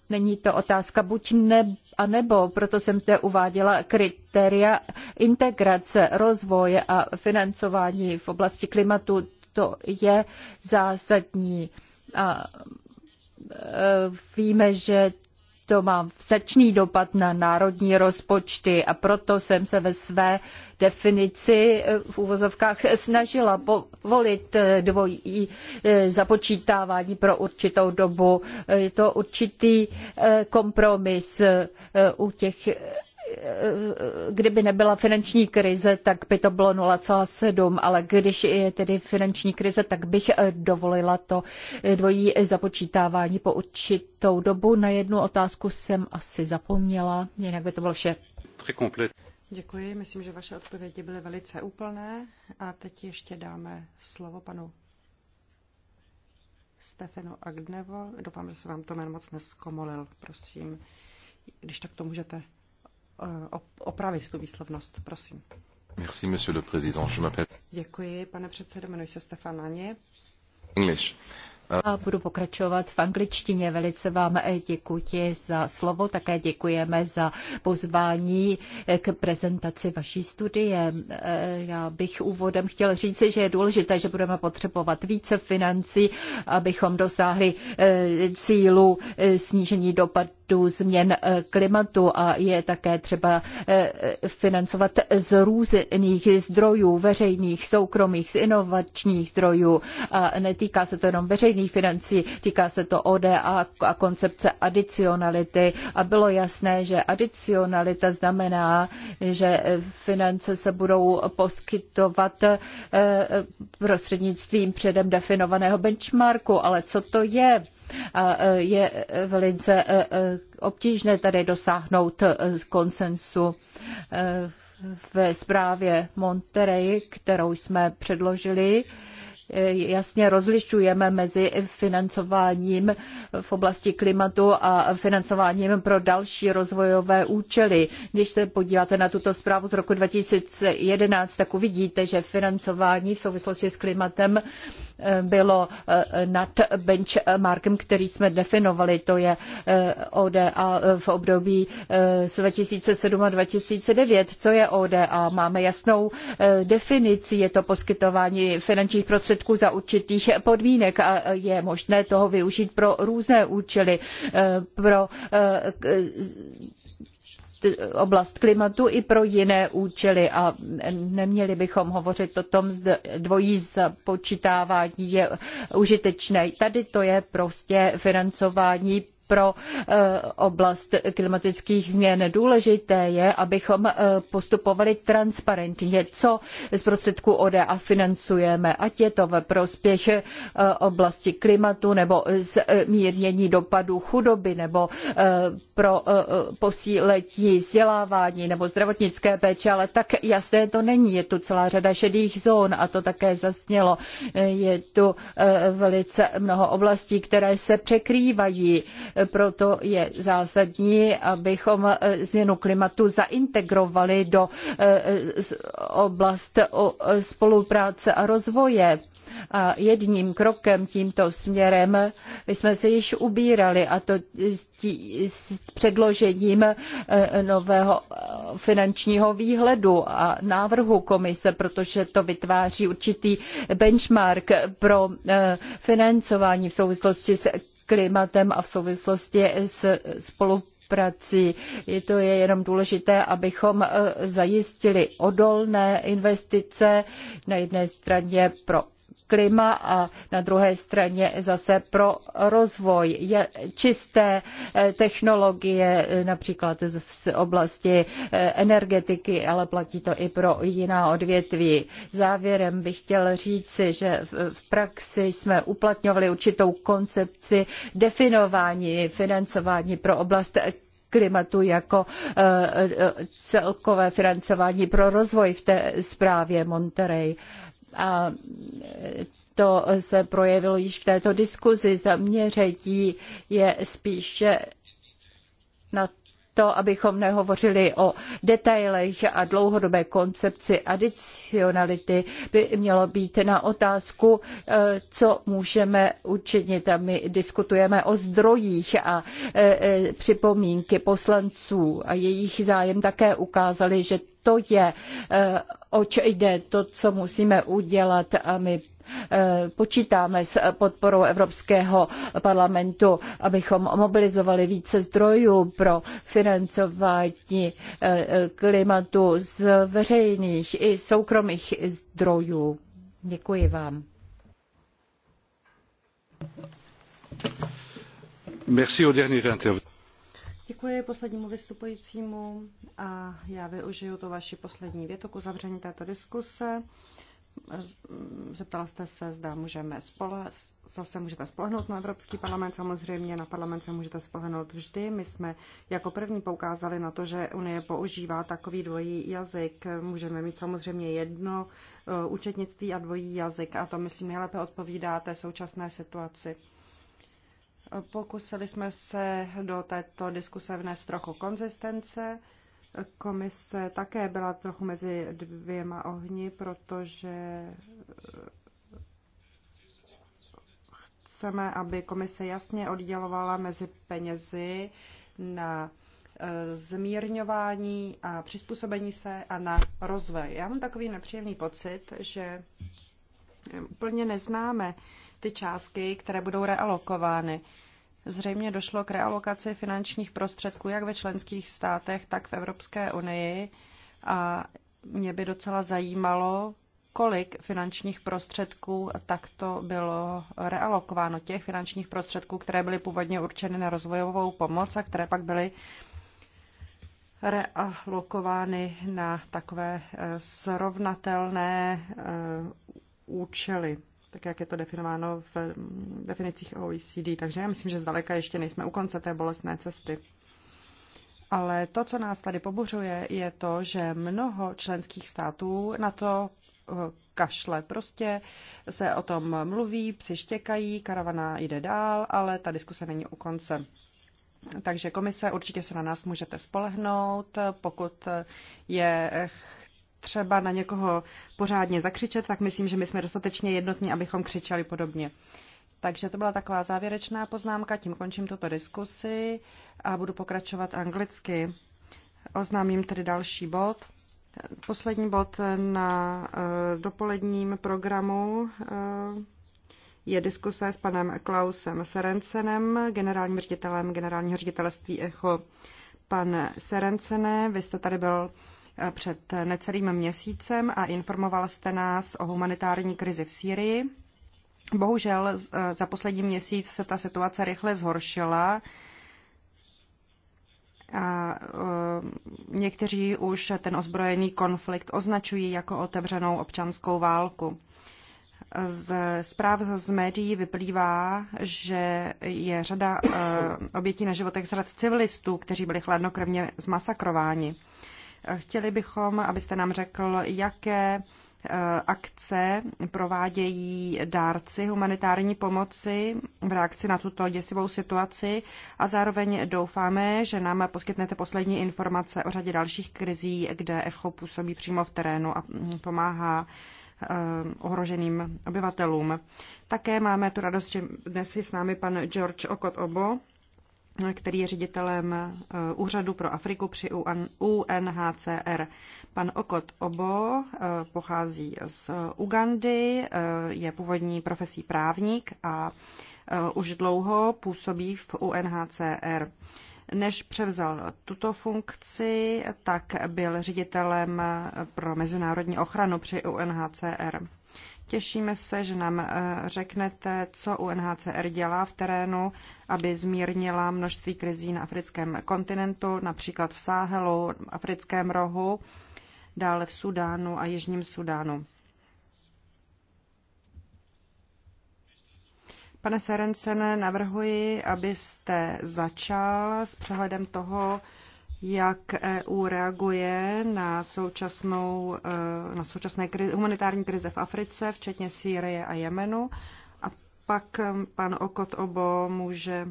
Není to otázka buď ne, a nebo, proto jsem zde uváděla kritéria integrace, rozvoje a financování v oblasti klimatu. To je zásadní. A Eh, víme, že to má vzačný dopad na národní rozpočty a proto jsem se ve své definici eh, v uvozovkách snažila povolit eh, dvojí započítávání pro určitou dobu. Je to určitý kompromis u těch Eh, kdyby nebyla finanční krize, tak by to bylo 0,7, ale když je tedy finanční krize, tak bych eh, dovolila to eh, dvojí započítávání po určitou dobu. Na jednu otázku jsem asi zapomněla, jinak by to bylo vše. Děkuji, myslím, že vaše odpovědi byly velice úplné a teď ještě dáme slovo panu Stefanu Agnevo. Doufám, že se vám to jméno moc neskomolil, prosím. Když tak to můžete Eh, opravit tu výslovnost, prosím. Merci, monsieur le président. Je m'appelle... Děkuji, pane předsedo, jmenuji se Stefan Aně. English. A budu pokračovat v angličtině. Velice vám děkuji za slovo, také děkujeme za pozvání k prezentaci vaší studie. Já bych úvodem chtěl říct, že je důležité, že budeme potřebovat více financí, abychom dosáhli eh, cílu eh, snížení dopadu změn eh, klimatu a je také třeba financovat z různých zdrojů, veřejných, soukromých, z inovačních zdrojů. A netýká se to jenom veřejných veřejných financí. Týká se to ODA a koncepce adicionality. A bylo jasné, že adicionalita znamená, že finance se budou poskytovat eh, prostřednictvím předem definovaného benchmarku. Ale co to je? A eh, je velice eh, obtížné tady dosáhnout konsensu ve zprávě Monterey, kterou jsme předložili, Eh, jasně rozlišujeme mezi financováním v oblasti klimatu a financováním pro další rozvojové účely. Když se podíváte na tuto zprávu z roku 2011, tak uvidíte, že financování v souvislosti s klimatem Eh, bylo eh, nad benchmarkem, který jsme definovali, to je eh, ODA v období 2007 a 2009. Co je ODA? Máme jasnou definici, je to poskytování finančních prostředků za určitých podmínek a je možné toho využít pro různé účely, pro oblast klimatu i pro jiné účely a neměli bychom hovořit o tom, zda dvojí započítávání je užitečné. Tady to je prostě financování pro eh, oblast klimatických změn. Důležité je, abychom eh, postupovali transparentně, co z prostředků ODA financujeme, ať je to ve prospěch eh, oblasti klimatu nebo zmírnění dopadů chudoby nebo pro posílení vzdělávání nebo zdravotnické péče, ale tak jasné to není. Je tu celá řada šedých zón a to také zasnělo. Je tu velice mnoho oblastí, které se překrývají proto je zásadní, abychom e, změnu klimatu zaintegrovali do e, oblast spolupráce a rozvoje. A jedním krokem tímto směrem jsme se již ubírali a to s předložením e, nového finančního výhledu a návrhu komise, protože to vytváří určitý benchmark pro financování v souvislosti s klimatem a v souvislosti s spoluprací. To je jenom důležité, abychom eh, zajistili odolné investice na jedné straně pro klima a na druhé straně zase pro rozvoj čisté eh, technologie, eh, například z oblasti eh, energetiky, ale platí to i pro jiná odvětví. Závěrem bych chtěl říci, že v praxi jsme uplatňovali určitou koncepci definování financování pro oblast klimatu jako celkové financování pro rozvoj v té zprávě Monterey. A to se projevilo již v této diskuzi. Zaměření je spíše na to, abychom nehovořili o detailech a dlouhodobé koncepci adicionality, by mělo být na otázku, eh, co můžeme učinit. A my diskutujeme o zdrojích a eh, eh, připomínky poslanců a jejich zájem také ukázali, že to je, e, oč jde, to, co musíme udělat a my e, počítáme s podporou Evropského parlamentu, abychom mobilizovali více zdrojů pro financování e, klimatu z veřejných i soukromých zdrojů. Děkuji vám. Merci au dernier interview. Děkuji poslednímu vystupujícímu a já využiju to vaši poslední větu k uzavření této diskuse. Zeptala jste se, zda můžeme spole, se můžete spolehnout na Evropský parlament. Samozřejmě na parlament se můžete spolehnout vždy. My jsme jako první poukázali na to, že Unie používá takový dvojí jazyk. Můžeme mít samozřejmě jedno e, účetnictví a dvojí jazyk a to, myslím, nejlépe odpovídá té současné situaci. Pokusili jsme se do této diskuse vnést trochu konzistence. Komise také byla trochu mezi dvěma ohni, protože eh, chceme, aby komise jasně oddělovala mezi penězi na eh, zmírňování a přizpůsobení se a na rozvoj. Já mám takový nepříjemný pocit, že eh, úplně neznáme ty částky, které budou realokovány. Zřejmě došlo k realokaci finančních prostředků jak ve členských státech, tak v Evropské unii a mě by docela zajímalo, kolik finančních prostředků takto bylo realokováno, těch finančních prostředků, které byly původně určeny na rozvojovou pomoc a které pak byly realokovány na takové eh, srovnatelné eh, účely tak jak je to definováno v mm, definicích OECD. Takže já myslím, že zdaleka ještě nejsme u konce té bolestné cesty. Ale to, co nás tady pobuřuje, je to, že mnoho členských států na to eh, kašle. Prostě se o tom mluví, psi štěkají, karavana jde dál, ale ta diskuse není u konce. Takže komise, určitě se na nás můžete spolehnout, pokud je eh, třeba na někoho pořádně zakřičet, tak myslím, že my jsme dostatečně jednotní, abychom křičeli podobně. Takže to byla taková závěrečná poznámka, tím končím tuto diskusi a budu pokračovat anglicky. Oznámím tedy další bod. Poslední bod na eh, dopoledním programu eh, je diskuse s panem Klausem Serencenem, generálním ředitelem generálního ředitelství ECHO. Pan Serencene, vy jste tady byl před necelým měsícem a informoval jste nás o humanitární krizi v Sýrii. Bohužel e, za poslední měsíc se ta situace rychle zhoršila. A e, někteří už ten ozbrojený konflikt označují jako otevřenou občanskou válku. Z zpráv z médií vyplývá, že je řada e, obětí na životech z civilistů, kteří byli chladnokrevně zmasakrováni. Chtěli bychom, abyste nám řekl, jaké e, akce provádějí dárci humanitární pomoci v reakci na tuto děsivou situaci a zároveň doufáme, že nám poskytnete poslední informace o řadě dalších krizí, kde ECHO působí přímo v terénu a pomáhá e, ohroženým obyvatelům. Také máme tu radost, že dnes je s námi pan George Okot Obo, který je ředitelem eh, Úřadu pro Afriku při UNHCR. Pan Okot Obo eh, pochází z Ugandy, eh, je původní profesí právník a už dlouho působí v UNHCR. Než převzal tuto funkci, tak byl ředitelem pro mezinárodní ochranu při UNHCR. Těšíme se, že nám eh, řeknete, co UNHCR dělá v terénu, aby zmírnila množství krizí na africkém kontinentu, například v Sáhelu, africkém rohu, dále v Sudánu a Jižním Sudánu. Pane Serencene, navrhuji, abyste začal s přehledem toho, jak EU reaguje na, současnou, eh, na současné krize, humanitární krize v Africe, včetně Sýrie a Jemenu. A pak eh, pan Okot Obo může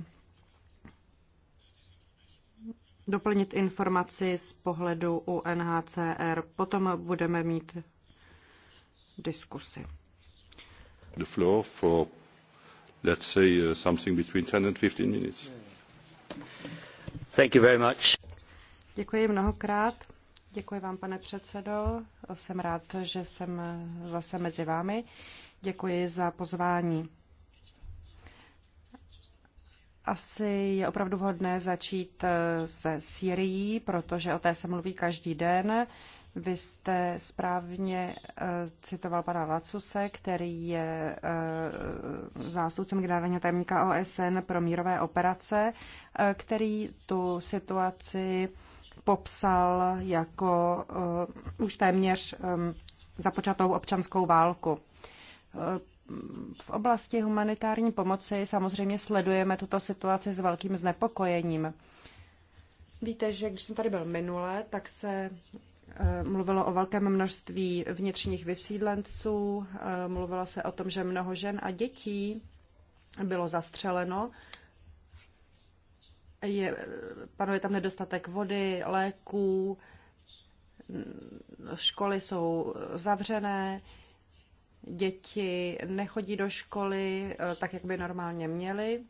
doplnit informaci z pohledu UNHCR. Potom budeme mít diskusy. The floor for, let's say, eh, something between 10 and 15 minutes. Thank you very much. Děkuji mnohokrát. Děkuji vám, pane předsedo. Jsem rád, že jsem zase mezi vámi. Děkuji za pozvání. Asi je opravdu vhodné začít eh, se Syrií, protože o té se mluví každý den. Vy jste správně eh, citoval pana Vacuse, který je eh, zástupcem generálního tajemníka OSN pro mírové operace, který tu situaci popsal jako eh, už téměř eh, započatou občanskou válku. Eh, v oblasti humanitární pomoci samozřejmě sledujeme tuto situaci s velkým znepokojením. Víte, že když jsem tady byl minule, tak se mluvilo o velkém množství vnitřních vysídlenců, mluvilo se o tom, že mnoho žen a dětí bylo zastřeleno je, panuje tam nedostatek vody, léků, školy jsou zavřené, děti nechodí do školy eh, tak, jak by normálně měly.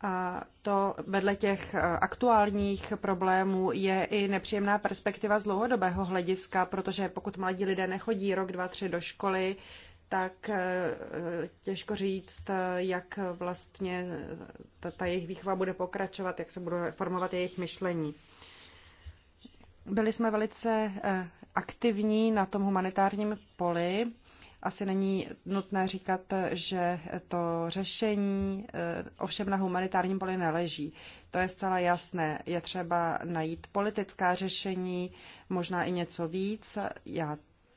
A to vedle těch eh, aktuálních problémů je i nepříjemná perspektiva z dlouhodobého hlediska, protože pokud mladí lidé nechodí rok, dva, tři do školy, tak eh, těžko říct, jak vlastně ta, ta jejich výchova bude pokračovat, jak se bude formovat jejich myšlení. Byli jsme velice eh, aktivní na tom humanitárním poli. Asi není nutné říkat, že to řešení eh, ovšem na humanitárním poli neleží. To je zcela jasné. Je třeba najít politická řešení, možná i něco víc. Já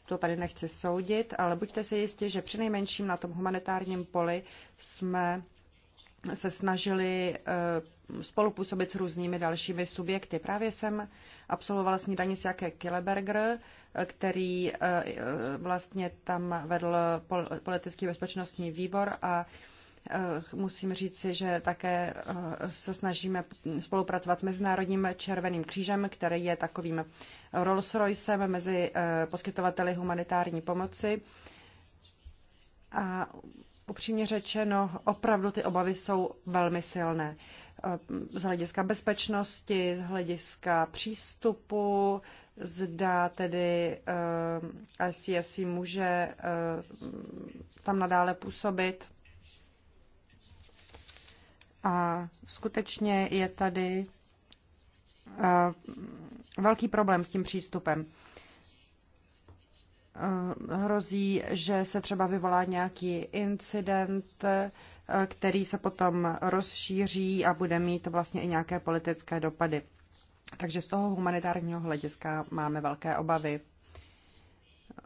to tady nechci soudit, ale buďte si jistí, že při nejmenším na tom humanitárním poli jsme se snažili eh, spolupůsobit s různými dalšími subjekty. Právě jsem absolvoval snídaní s Jaké Killeberger, který eh, vlastně tam vedl politický bezpečnostní výbor a Eh, musím říci, že také eh, se snažíme spolupracovat s Mezinárodním Červeným křížem, který je takovým Rolls Roycem mezi eh, poskytovateli humanitární pomoci. A upřímně řečeno, opravdu ty obavy jsou velmi silné. Z hlediska bezpečnosti, z hlediska přístupu, zda tedy ICSI může tam nadále působit. A skutečně je tady eh, velký problém s tím přístupem. Eh, hrozí, že se třeba vyvolá nějaký incident, eh, který se potom rozšíří a bude mít vlastně i nějaké politické dopady. Takže z toho humanitárního hlediska máme velké obavy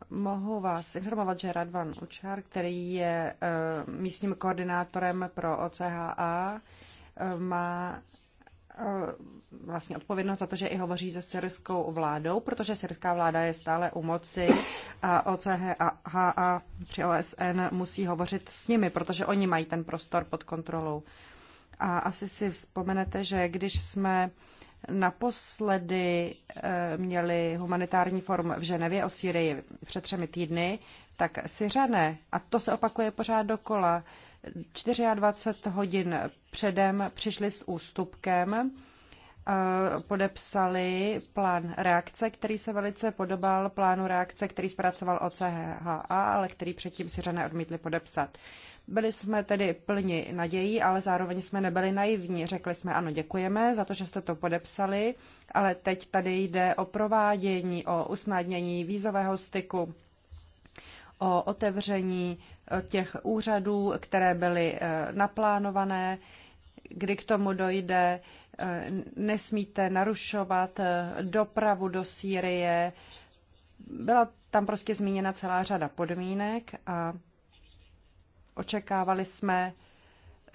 mohu vás informovat, že Radvan Učar, který je eh, místním koordinátorem pro OCHA, eh, má eh, vlastně odpovědnost za to, že i hovoří se syrskou vládou, protože syrská vláda je stále u moci a OCHA při OSN musí hovořit s nimi, protože oni mají ten prostor pod kontrolou. A asi si vzpomenete, že když jsme naposledy eh, měli humanitární forum v Ženevě o Syrii před třemi týdny, tak Syřané, a to se opakuje pořád dokola, 24 hodin předem přišli s ústupkem, eh, podepsali plán reakce, který se velice podobal plánu reakce, který zpracoval OCHA, ale který předtím Syřané odmítli podepsat. Byli jsme tedy plni nadějí, ale zároveň jsme nebyli naivní. Řekli jsme ano, děkujeme za to, že jste to podepsali, ale teď tady jde o provádění, o usnadnění vízového styku, o otevření eh, těch úřadů, které byly eh, naplánované, kdy k tomu dojde, eh, nesmíte narušovat dopravu do Sýrie. Byla tam prostě zmíněna celá řada podmínek a Očekávali jsme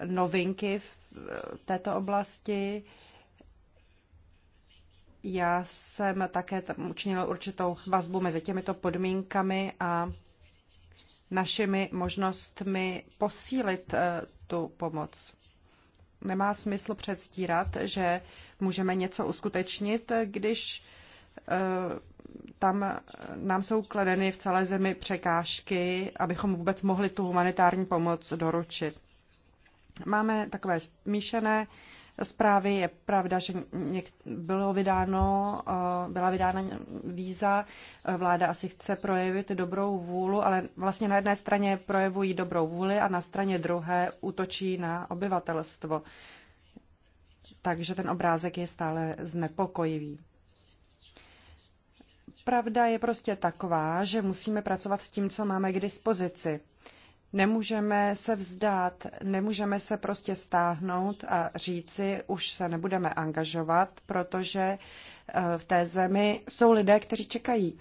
novinky v eh, této oblasti. Já jsem také tam učinila určitou vazbu mezi těmito podmínkami a našimi možnostmi posílit eh, tu pomoc. Nemá smysl předstírat, že můžeme něco uskutečnit, když tam nám jsou kladeny v celé zemi překážky, abychom vůbec mohli tu humanitární pomoc doručit. Máme takové smíšené zprávy. Je pravda, že bylo vydáno, eh, byla vydána víza. Vláda asi chce projevit dobrou vůlu, ale vlastně na jedné straně projevují dobrou vůli a na straně druhé útočí na obyvatelstvo. Takže ten obrázek je stále znepokojivý pravda je prostě taková, že musíme pracovat s tím, co máme k dispozici. Nemůžeme se vzdát, nemůžeme se prostě stáhnout a říci, už se nebudeme angažovat, protože eh, v té zemi jsou lidé, kteří čekají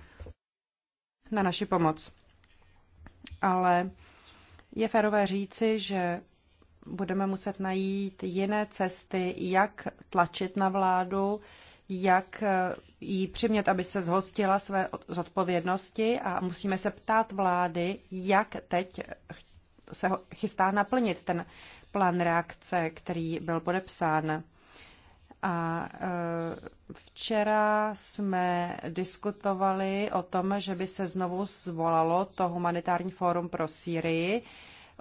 na naši pomoc. Ale je férové říci, že budeme muset najít jiné cesty, jak tlačit na vládu, jak eh, ji přimět, aby se zhostila své zodpovědnosti a musíme se ptát vlády, jak teď se chystá naplnit ten plán reakce, který byl podepsán. A eh, včera jsme diskutovali o tom, že by se znovu zvolalo to humanitární fórum pro Sýrii.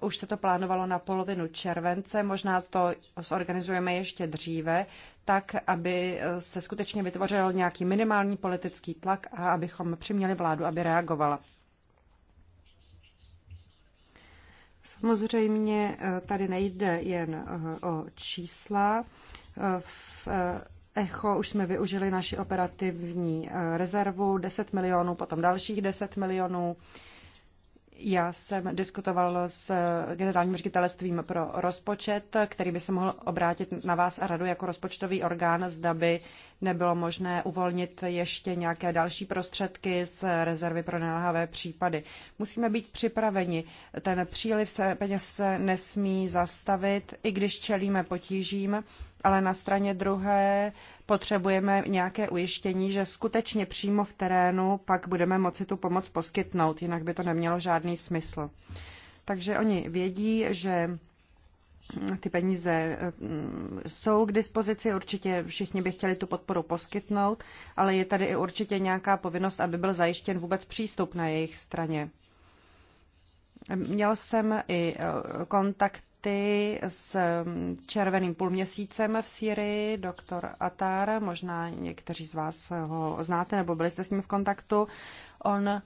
Už se to plánovalo na polovinu července, možná to zorganizujeme ještě dříve, tak, aby se skutečně vytvořil nějaký minimální politický tlak a abychom přiměli vládu, aby reagovala. Samozřejmě eh, tady nejde jen eh, o čísla. Eh, v ECHO už jsme využili naši operativní rezervu 10 milionů, potom dalších 10 milionů. Já jsem diskutoval s generálním ředitelstvím pro rozpočet, který by se mohl obrátit na vás a radu jako rozpočtový orgán, zda by nebylo možné uvolnit ještě nějaké další prostředky z rezervy pro nelhavé případy. Musíme být připraveni. Ten příliv se, peněz se nesmí zastavit, i když čelíme potížím, ale na straně druhé potřebujeme nějaké ujištění, že skutečně přímo v terénu pak budeme moci tu pomoc poskytnout, jinak by to nemělo žádný smysl. Takže oni vědí, že ty peníze eh, jsou k dispozici, určitě všichni by chtěli tu podporu poskytnout, ale je tady i určitě nějaká povinnost, aby byl zajištěn vůbec přístup na jejich straně. Měl jsem i eh, kontakty s mm, červeným půlměsícem v Syrii, doktor Atar, možná někteří z vás ho znáte nebo byli jste s ním v kontaktu. On eh,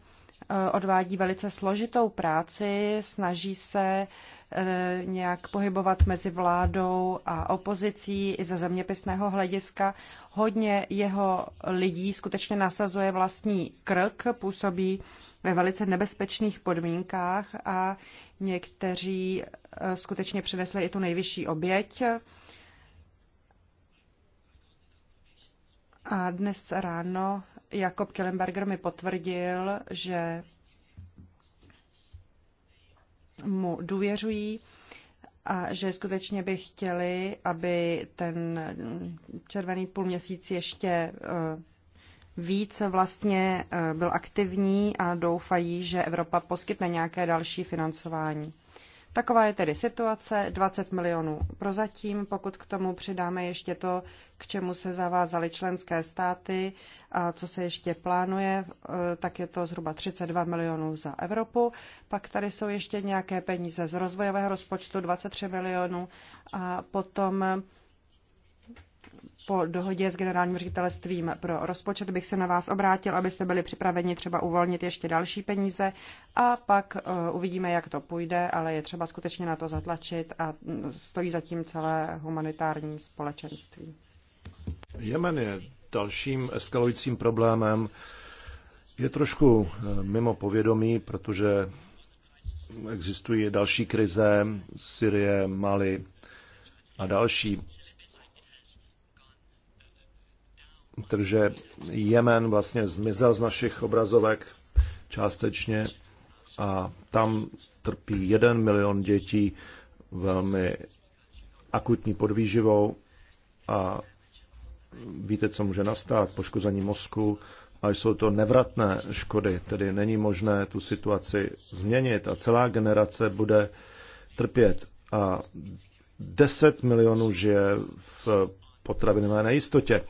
odvádí velice složitou práci, snaží se uh, Eh, nějak pohybovat mezi vládou a opozicí i ze zeměpisného hlediska. Hodně jeho lidí skutečně nasazuje vlastní krk, působí ve velice nebezpečných podmínkách a někteří eh, skutečně přinesli i tu nejvyšší oběť. A dnes ráno Jakob Kellenberger mi potvrdil, že mu důvěřují a že skutečně by chtěli, aby ten červený půlměsíc ještě eh, víc vlastně eh, byl aktivní a doufají, že Evropa poskytne nějaké další financování. Taková je tedy situace, 20 milionů prozatím, pokud k tomu přidáme ještě to, k čemu se zavázaly členské státy a co se ještě plánuje, e, tak je to zhruba 32 milionů za Evropu. Pak tady jsou ještě nějaké peníze z rozvojového rozpočtu 23 milionů a potom po dohodě s generálním ředitelstvím pro rozpočet bych se na vás obrátil, abyste byli připraveni třeba uvolnit ještě další peníze a pak eh, uvidíme, jak to půjde, ale je třeba skutečně na to zatlačit a mm, stojí zatím celé humanitární společenství. Jemen je dalším eskalujícím problémem. Je trošku eh, mimo povědomí, protože existují další krize, Syrie, Mali a další protože Jemen vlastně zmizel z našich obrazovek částečně a tam trpí jeden milion dětí velmi akutní podvýživou a víte, co může nastat, poškození mozku a jsou to nevratné škody, tedy není možné tu situaci změnit a celá generace bude trpět a 10 milionů žije v potravinové nejistotě.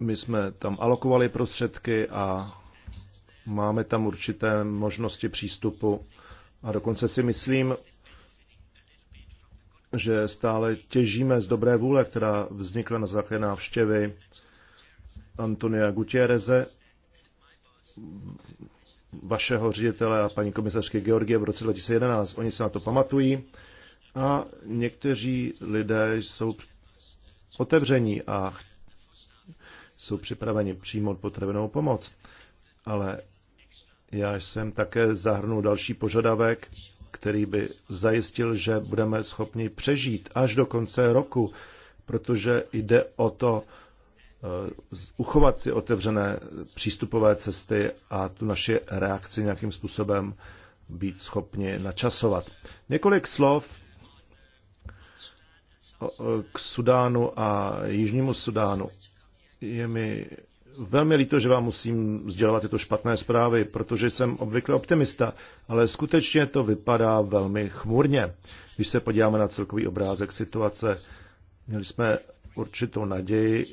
My jsme tam alokovali prostředky a máme tam určité možnosti přístupu. A dokonce si myslím, že stále těžíme z dobré vůle, která vznikla na základě návštěvy Antonia Gutierreze, vašeho ředitele a paní komisařky Georgie v roce 2011. Oni se na to pamatují a někteří lidé jsou otevření a jsou připraveni přijmout potřebnou pomoc. Ale já jsem také zahrnul další požadavek, který by zajistil, že budeme schopni přežít až do konce roku, protože jde o to eh, uchovat si otevřené přístupové cesty a tu naši reakci nějakým způsobem být schopni načasovat. Několik slov k Sudánu a Jižnímu Sudánu. Je mi velmi líto, že vám musím sdělovat tyto špatné zprávy, protože jsem obvykle optimista, ale skutečně to vypadá velmi chmurně. Když se podíváme na celkový obrázek situace, měli jsme určitou naději,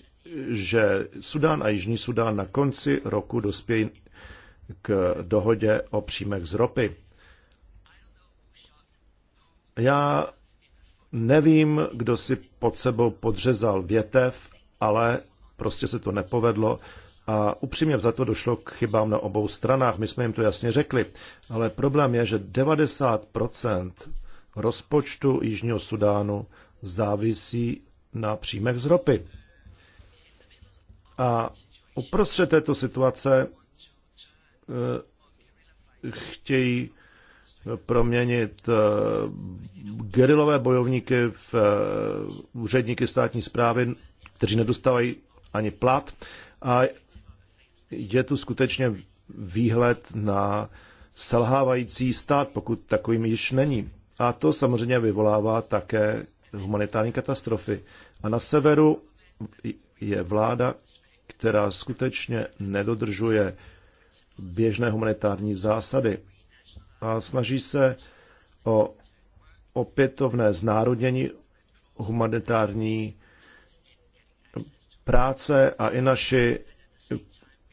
že Sudán a Jižní Sudán na konci roku dospějí k dohodě o příjmech z ropy. Já nevím, kdo si pod sebou podřezal větev, ale prostě se to nepovedlo a upřímně za to došlo k chybám na obou stranách. My jsme jim to jasně řekli. Ale problém je, že 90% rozpočtu Jižního Sudánu závisí na příjmech z ropy. A uprostřed této situace eh, chtějí eh, proměnit eh, gerilové bojovníky v úředníky státní zprávy, kteří nedostávají ani plat. A je tu skutečně výhled na selhávající stát, pokud takovým již není. A to samozřejmě vyvolává také humanitární katastrofy. A na severu je vláda, která skutečně nedodržuje běžné humanitární zásady a snaží se o opětovné znárodnění humanitární práce a i naši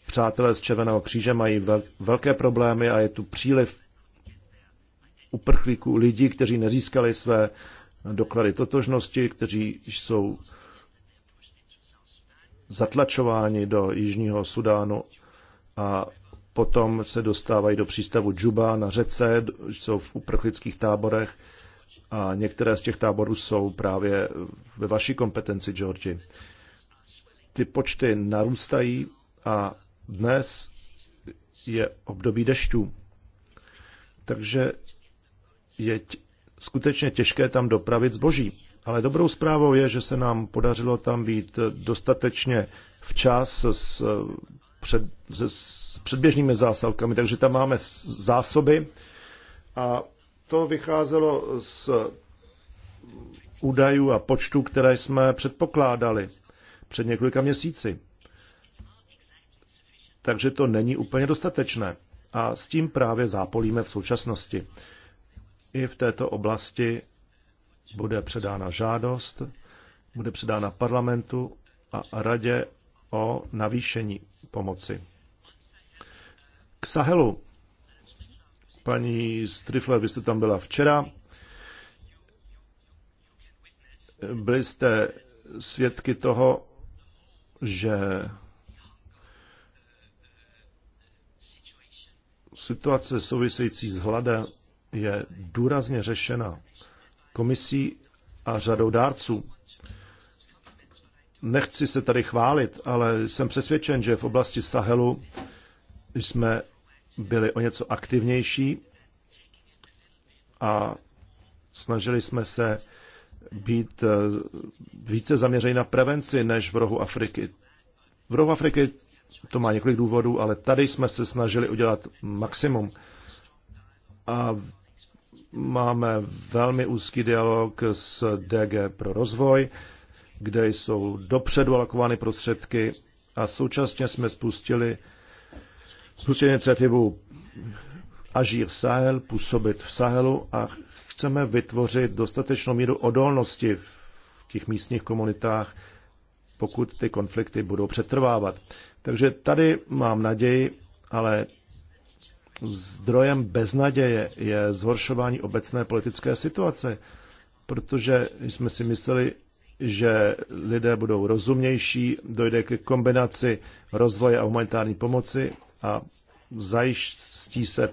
přátelé z Červeného kříže mají velké problémy a je tu příliv uprchlíků, lidí, kteří nezískali své doklady totožnosti, kteří jsou zatlačováni do Jižního Sudánu a potom se dostávají do přístavu Džuba na řece, jsou v uprchlických táborech a některé z těch táborů jsou právě ve vaší kompetenci, Georgi ty počty narůstají a dnes je období dešťů. Takže je skutečně těžké tam dopravit zboží. Ale dobrou zprávou je, že se nám podařilo tam být dostatečně včas s, před, se, s předběžnými zásilkami, takže tam máme zásoby a to vycházelo z údajů a počtů, které jsme předpokládali před několika měsíci. Takže to není úplně dostatečné. A s tím právě zápolíme v současnosti. I v této oblasti bude předána žádost, bude předána parlamentu a radě o navýšení pomoci. K Sahelu. Paní Strifle, vy jste tam byla včera. Byli jste svědky toho, že situace související s hladem je důrazně řešena komisí a řadou dárců. Nechci se tady chválit, ale jsem přesvědčen, že v oblasti Sahelu jsme byli o něco aktivnější a snažili jsme se být eh, více zaměřený na prevenci než v rohu Afriky. V rohu Afriky to má několik důvodů, ale tady jsme se snažili udělat maximum. A máme velmi úzký dialog s DG pro rozvoj, kde jsou dopředu alokovány prostředky a současně jsme spustili, spustili iniciativu Ažír Sahel, působit v Sahelu a chceme vytvořit dostatečnou míru odolnosti v těch místních komunitách, pokud ty konflikty budou přetrvávat. Takže tady mám naději, ale zdrojem beznaděje je zhoršování obecné politické situace, protože jsme si mysleli, že lidé budou rozumnější, dojde ke kombinaci rozvoje a humanitární pomoci a zajistí se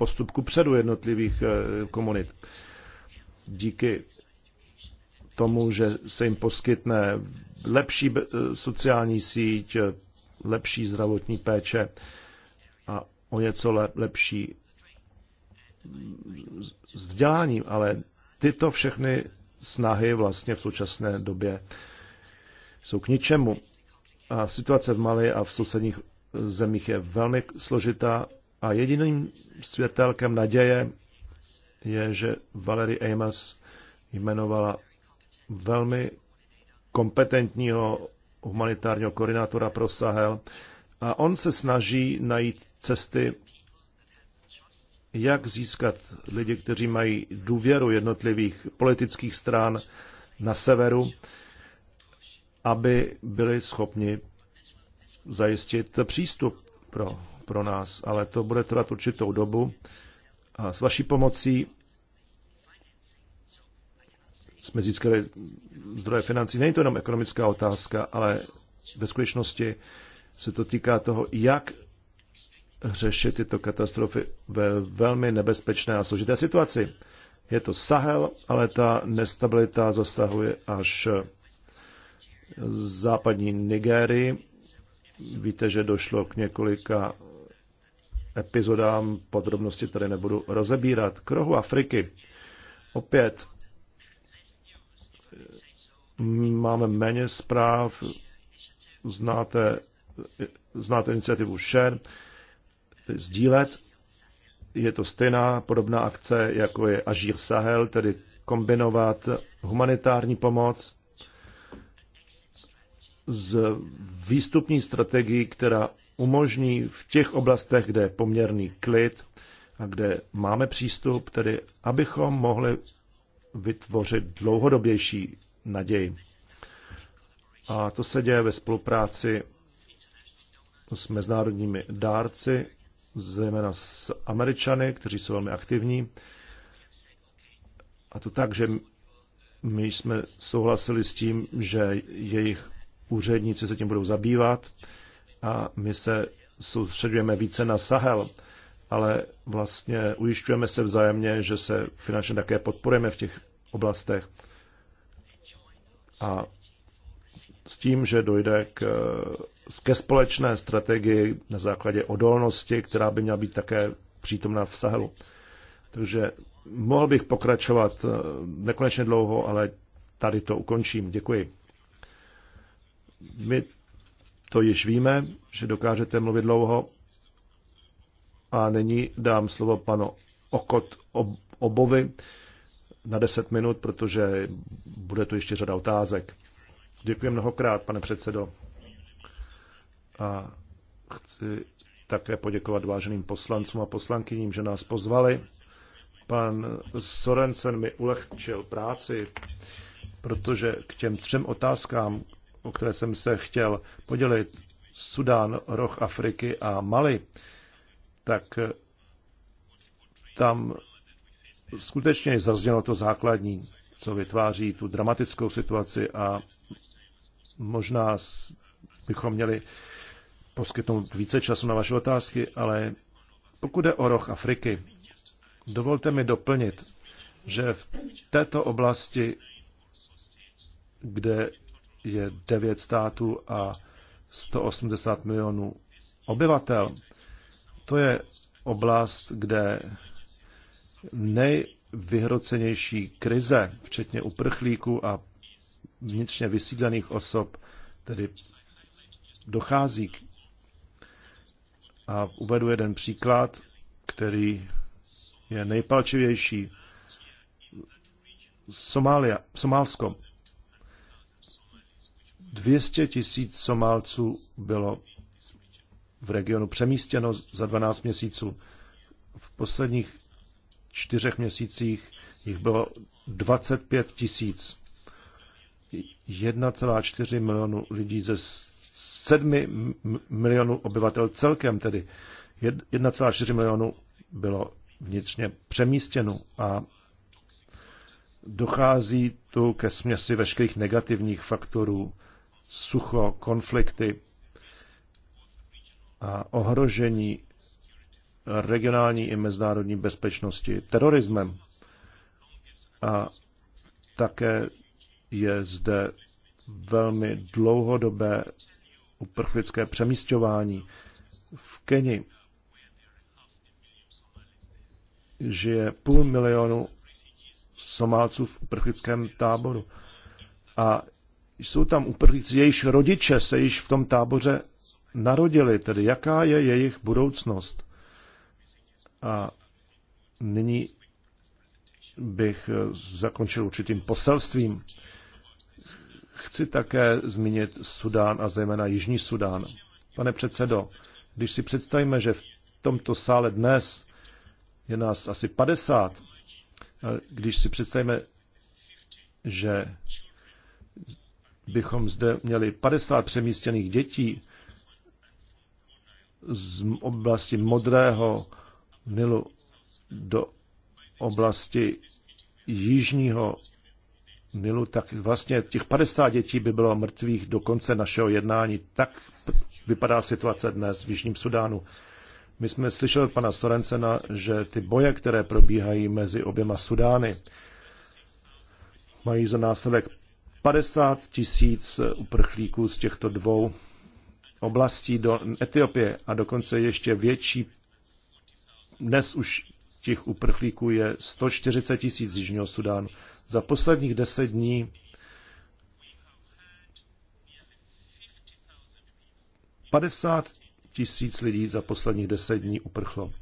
postup ku předu jednotlivých eh, komunit. Díky tomu, že se jim poskytne lepší eh, sociální síť, eh, lepší zdravotní péče a o něco lepší vzdělání, ale tyto všechny snahy vlastně v současné době jsou k ničemu. A situace v Mali a v sousedních zemích je velmi složitá a jediným světelkem naděje je, že Valery Amos jmenovala velmi kompetentního humanitárního koordinátora pro Sahel a on se snaží najít cesty, jak získat lidi, kteří mají důvěru jednotlivých politických stran na severu, aby byli schopni zajistit přístup pro pro nás, ale to bude trvat určitou dobu. A s vaší pomocí jsme získali zdroje financí. Není to jenom ekonomická otázka, ale ve skutečnosti se to týká toho, jak řešit tyto katastrofy ve velmi nebezpečné a složité situaci. Je to Sahel, ale ta nestabilita zasahuje až západní Nigérii. Víte, že došlo k několika epizodám. Podrobnosti tady nebudu rozebírat. K rohu Afriky. Opět máme méně zpráv. Znáte, znáte iniciativu Share, sdílet. Je to stejná podobná akce, jako je Ažír Sahel, tedy kombinovat humanitární pomoc s výstupní strategií, která umožní v těch oblastech, kde je poměrný klid a kde máme přístup, tedy abychom mohli vytvořit dlouhodobější naději. A to se děje ve spolupráci s mezinárodními dárci, zejména s Američany, kteří jsou velmi aktivní. A to tak, že my jsme souhlasili s tím, že jejich úředníci se tím budou zabývat a my se soustředujeme více na Sahel, ale vlastně ujišťujeme se vzájemně, že se finančně také podporujeme v těch oblastech. A s tím, že dojde k, ke společné strategii na základě odolnosti, která by měla být také přítomná v Sahelu. Takže mohl bych pokračovat eh, nekonečně dlouho, ale tady to ukončím. Děkuji. My to již víme, že dokážete mluvit dlouho. A nyní dám slovo panu Okot Obovi na 10 minut, protože bude tu ještě řada otázek. Děkuji mnohokrát, pane předsedo. A chci také poděkovat váženým poslancům a poslankyním, že nás pozvali. Pan Sorensen mi ulehčil práci, protože k těm třem otázkám, o které jsem se chtěl podělit, Sudán, roh Afriky a Mali, tak eh, tam skutečně zaznělo to základní, co vytváří tu dramatickou situaci a možná bychom měli poskytnout více času na vaše otázky, ale pokud je o roh Afriky, dovolte mi doplnit, že v této oblasti, kde je 9 států a 180 milionů obyvatel. To je oblast, kde nejvyhrocenější krize, včetně uprchlíků a vnitřně vysídlených osob, tedy dochází. A uvedu jeden příklad, který je nejpalčivější. Somália, Somálsko 200 tisíc Somálců bylo v regionu přemístěno za 12 měsíců. V posledních čtyřech měsících jich bylo 25 tisíc. 1,4 milionu lidí ze 7 milionů obyvatel celkem, tedy 1,4 milionu bylo vnitřně přemístěno a dochází tu ke směsi veškerých negativních faktorů, sucho, konflikty a ohrožení regionální i mezinárodní bezpečnosti terorismem. A také je zde velmi dlouhodobé uprchlické přemístování. V Keni žije půl milionu Somálců v uprchlickém táboru a jsou tam uprchlíci, jejichž rodiče se již v tom táboře narodili, tedy jaká je jejich budoucnost. A nyní bych eh, zakončil určitým poselstvím. Chci také zmínit Sudán a zejména Jižní Sudán. Pane předsedo, když si představíme, že v tomto sále dnes je nás asi 50, když si představíme, že bychom zde měli 50 přemístěných dětí z oblasti Modrého Nilu do oblasti Jižního Nilu, tak vlastně těch 50 dětí by bylo mrtvých do konce našeho jednání. Tak vypadá situace dnes v Jižním Sudánu. My jsme slyšeli od pana Sorensena, že ty boje, které probíhají mezi oběma Sudány, mají za následek 50 tisíc uprchlíků z těchto dvou oblastí do Etiopie a dokonce ještě větší. Dnes už těch uprchlíků je 140 tisíc z Jižního Sudánu. Za posledních deset dní 50 tisíc lidí za posledních deset dní uprchlo.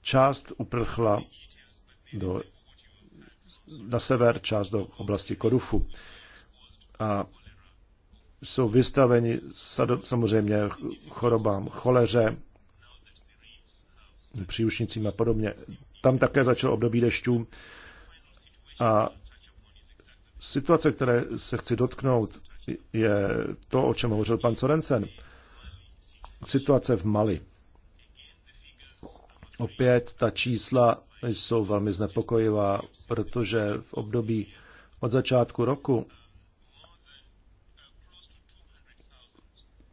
Část uprchla do, na sever, část do oblasti Korufu. A jsou vystaveni samozřejmě chorobám choleře, příušnicím a podobně. Tam také začalo období dešťů a situace, které se chci dotknout, je to, o čem hovořil pan Sorensen. Situace v Mali. Opět ta čísla jsou velmi znepokojivá, protože v období od začátku roku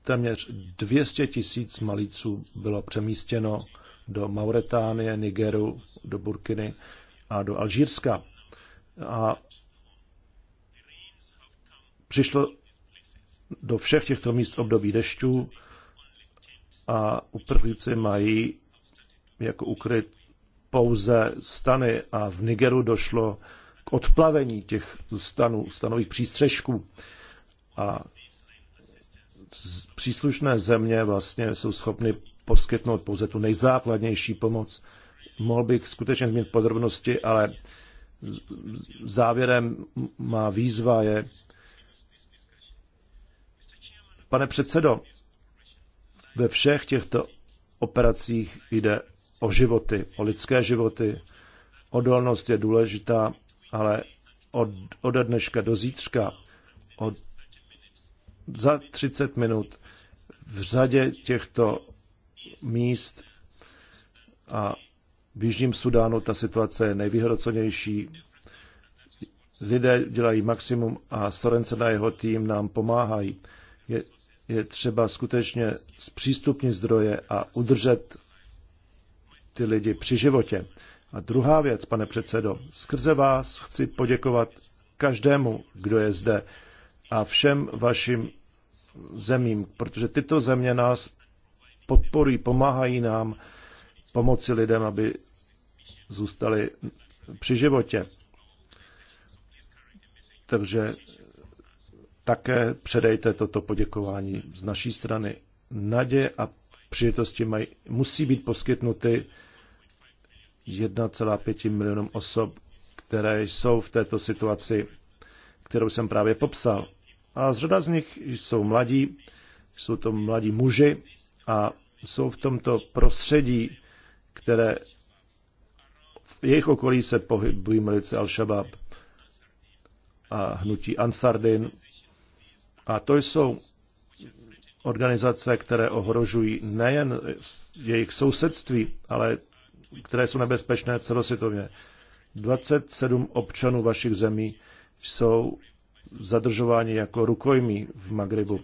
téměř 200 tisíc malíců bylo přemístěno do Mauretánie, Nigeru, do Burkiny a do Alžírska. A přišlo do všech těchto míst období dešťů a uprchlíci mají jako ukryt pouze stany a v Nigeru došlo k odplavení těch stanů, stanových přístřežků a příslušné země vlastně jsou schopny poskytnout pouze tu nejzákladnější pomoc. Mohl bych skutečně změnit podrobnosti, ale závěrem má výzva je, pane předsedo, ve všech těchto operacích jde o životy, o lidské životy. Odolnost je důležitá, ale od, od dneška do zítřka, od, za 30 minut v řadě těchto míst a v Jižním Sudánu ta situace je nejvyhrocenější. Lidé dělají maximum a Sorensen a jeho tým nám pomáhají. Je, je třeba skutečně zpřístupnit zdroje a udržet ty lidi při životě. A druhá věc, pane předsedo, skrze vás chci poděkovat každému, kdo je zde a všem vašim zemím, protože tyto země nás podporují, pomáhají nám pomoci lidem, aby zůstali při životě. Takže také předejte toto poděkování z naší strany. Naděje a přijetosti mají, musí být poskytnuty 1,5 milionům osob, které jsou v této situaci, kterou jsem právě popsal. A řada z nich jsou mladí, jsou to mladí muži a jsou v tomto prostředí, které v jejich okolí se pohybují milice Al-Shabaab a hnutí Ansardin. A to jsou organizace, které ohrožují nejen jejich sousedství, ale které jsou nebezpečné celosvětově. 27 občanů vašich zemí jsou zadržováni jako rukojmí v Magribu.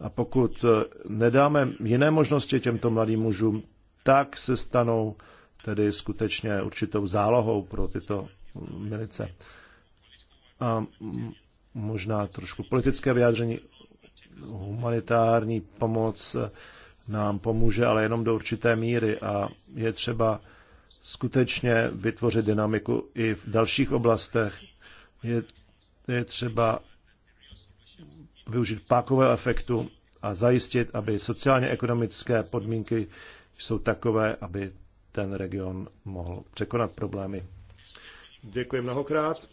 A pokud eh, nedáme jiné možnosti těmto mladým mužům, tak se stanou tedy skutečně určitou zálohou pro tyto milice. A možná trošku politické vyjádření, humanitární pomoc eh, nám pomůže, ale jenom do určité míry a je třeba skutečně vytvořit dynamiku i v dalších oblastech. Je, je třeba využít pákového efektu a zajistit, aby sociálně-ekonomické podmínky jsou takové, aby ten region mohl překonat problémy. Děkuji mnohokrát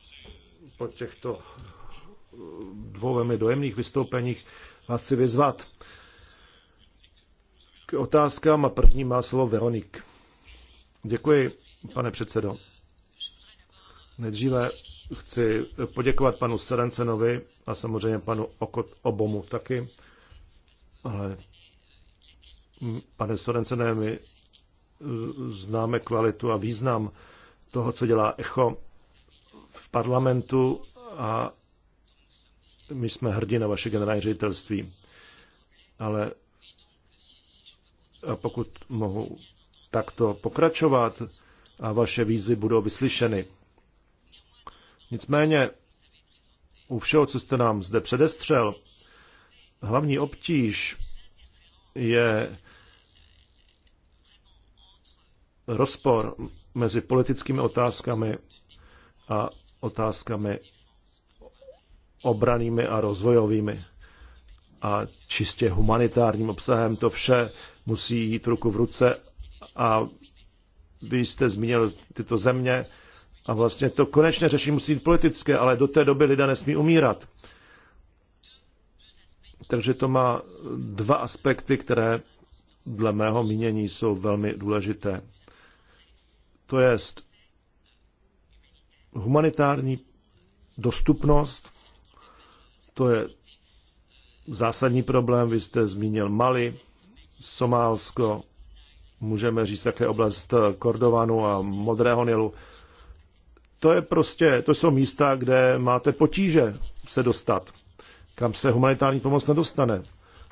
po těchto eh, dvou velmi dojemných vystoupeních vás chci vyzvat k otázkám a první má slovo Veronik. Děkuji, pane předsedo. Nejdříve chci poděkovat panu Serencenovi a samozřejmě panu Okot Obomu taky, ale pane Sorencené, my známe kvalitu a význam toho, co dělá ECHO v parlamentu a my jsme hrdí na vaše generální ředitelství. Ale a pokud mohu takto pokračovat a vaše výzvy budou vyslyšeny. Nicméně u všeho, co jste nám zde předestřel, hlavní obtíž je rozpor mezi politickými otázkami a otázkami obranými a rozvojovými a čistě humanitárním obsahem. To vše musí jít ruku v ruce a vy jste zmínil tyto země a vlastně to konečné řešení musí být politické, ale do té doby lidé nesmí umírat. Takže to má dva aspekty, které dle mého mínění jsou velmi důležité. To je humanitární dostupnost, to je zásadní problém, vy jste zmínil Mali, Somálsko, můžeme říct také oblast Kordovanu a Modrého Nilu. To je prostě, to jsou místa, kde máte potíže se dostat, kam se humanitární pomoc nedostane.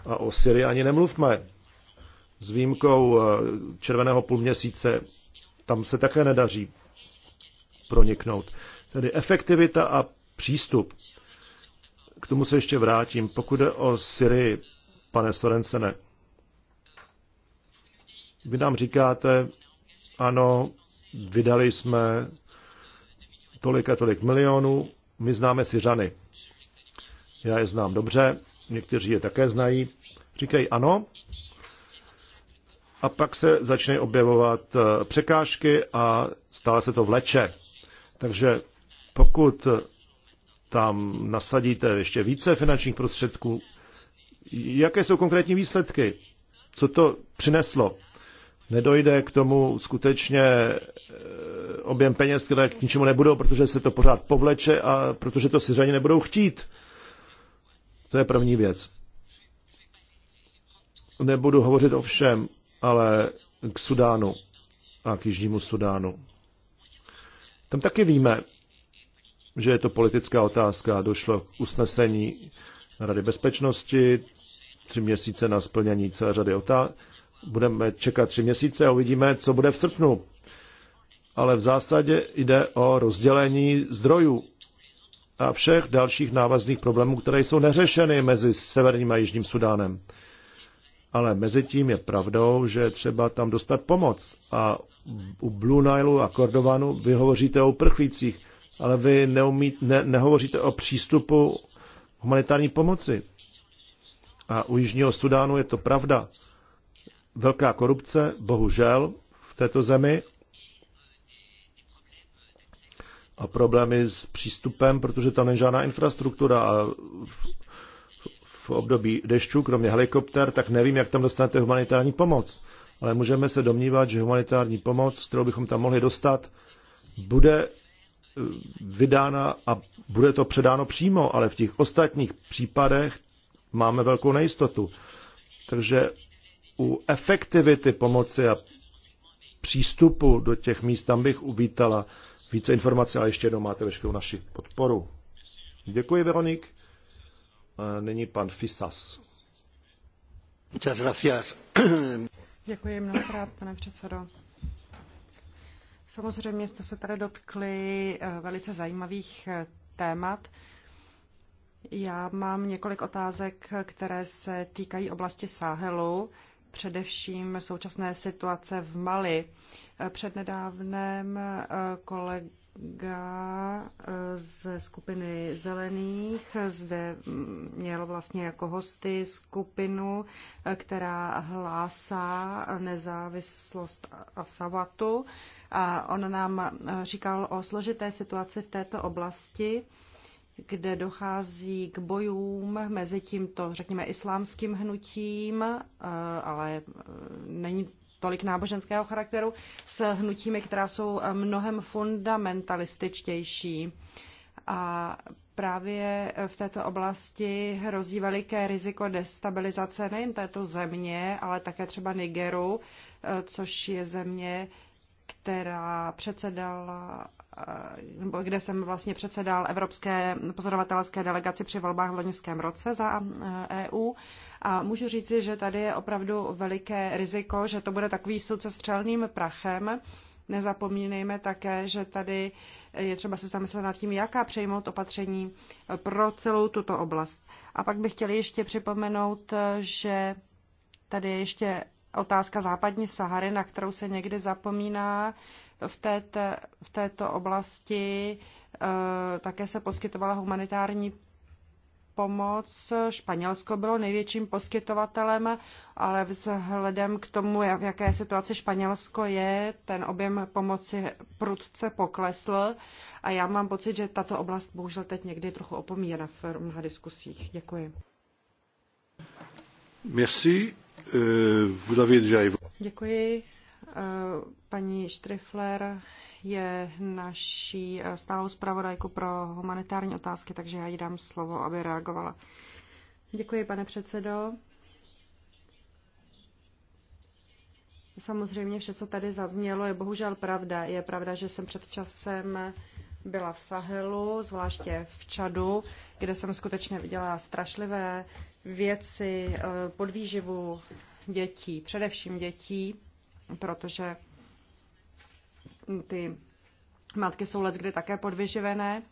A o Syrii ani nemluvme. S výjimkou eh, červeného půlměsíce, tam se také nedaří proniknout. Tedy efektivita a přístup. K tomu se ještě vrátím. Pokud jde o Syrii, pane Sorensene, vy nám říkáte, ano, vydali jsme tolik a tolik milionů, my známe Syřany. Já je znám dobře, někteří je také znají. Říkají ano, a pak se začne objevovat eh, překážky a stále se to vleče. Takže pokud tam nasadíte ještě více finančních prostředků, jaké jsou konkrétní výsledky? Co to přineslo? nedojde k tomu skutečně eh, objem peněz, které k ničemu nebudou, protože se to pořád povleče a protože to Syřani nebudou chtít. To je první věc. Nebudu hovořit o všem, ale k Sudánu a k Jižnímu Sudánu. Tam taky víme, že je to politická otázka. Došlo k usnesení Rady bezpečnosti, tři měsíce na splnění celé řady otázek Budeme čekat tři měsíce a uvidíme, co bude v srpnu. Ale v zásadě jde o rozdělení zdrojů a všech dalších návazných problémů, které jsou neřešeny mezi Severním a Jižním Sudánem. Ale mezi tím je pravdou, že třeba tam dostat pomoc. A u Blue Nile a Kordovanu vy hovoříte o uprchlících, ale vy neumí, ne, nehovoříte o přístupu humanitární pomoci. A u Jižního Sudánu je to pravda velká korupce, bohužel, v této zemi a problémy s přístupem, protože tam není žádná infrastruktura a v, v období dešťů, kromě helikopter, tak nevím, jak tam dostanete humanitární pomoc. Ale můžeme se domnívat, že humanitární pomoc, kterou bychom tam mohli dostat, bude eh, vydána a bude to předáno přímo, ale v těch ostatních případech máme velkou nejistotu. Takže u efektivity pomoci a přístupu do těch míst, tam bych uvítala více informací, ale ještě jednou máte veškerou naši podporu. Děkuji, Veronik. A nyní pan Fisas. Děkuji mnohokrát, pane předsedo. Samozřejmě jste se tady dotkli eh, velice zajímavých eh, témat. Já mám několik otázek, které se týkají oblasti Sáhelu především současné situace v Mali. Přednedávném eh, kolega eh, ze skupiny Zelených zde mm, měl vlastně jako hosty skupinu, eh, která hlásá nezávislost a savatu. A on nám říkal o složité situaci v této oblasti kde dochází k bojům mezi tímto, řekněme, islámským hnutím, eh, ale eh, není tolik náboženského charakteru, s hnutími, která jsou eh, mnohem fundamentalističtější. A právě v této oblasti hrozí veliké riziko destabilizace nejen této země, ale také třeba Nigeru, což je země, která předsedala Eh, nebo kde jsem vlastně předsedal Evropské pozorovatelské delegaci při volbách v loňském roce za EU. Eh, e A můžu říci, že tady je opravdu veliké riziko, že to bude takový soud se střelným prachem. Nezapomínejme také, že tady je třeba se zamyslet nad tím, jaká přejmout opatření pro celou tuto oblast. A pak bych chtěla ještě připomenout, že tady je ještě otázka západní Sahary, na kterou se někdy zapomíná v, této, v této oblasti eh, také se poskytovala humanitární pomoc. Španělsko bylo největším poskytovatelem, ale vzhledem k tomu, v jaké situaci Španělsko je, ten objem pomoci prudce poklesl a já mám pocit, že tato oblast bohužel teď někdy je trochu opomíjena v mnoha diskusích. Děkuji. Merci. Eh, Děkuji. Eh, paní Štrifler je naší eh, stálou zpravodajku pro humanitární otázky, takže já jí dám slovo, aby reagovala. Děkuji, pane předsedo. Samozřejmě vše, co tady zaznělo, je bohužel pravda. Je pravda, že jsem před časem byla v Sahelu, zvláště v Čadu, kde jsem skutečně viděla strašlivé věci, eh, podvýživu dětí, především dětí protože ty matky jsou let kdy také podvyživené,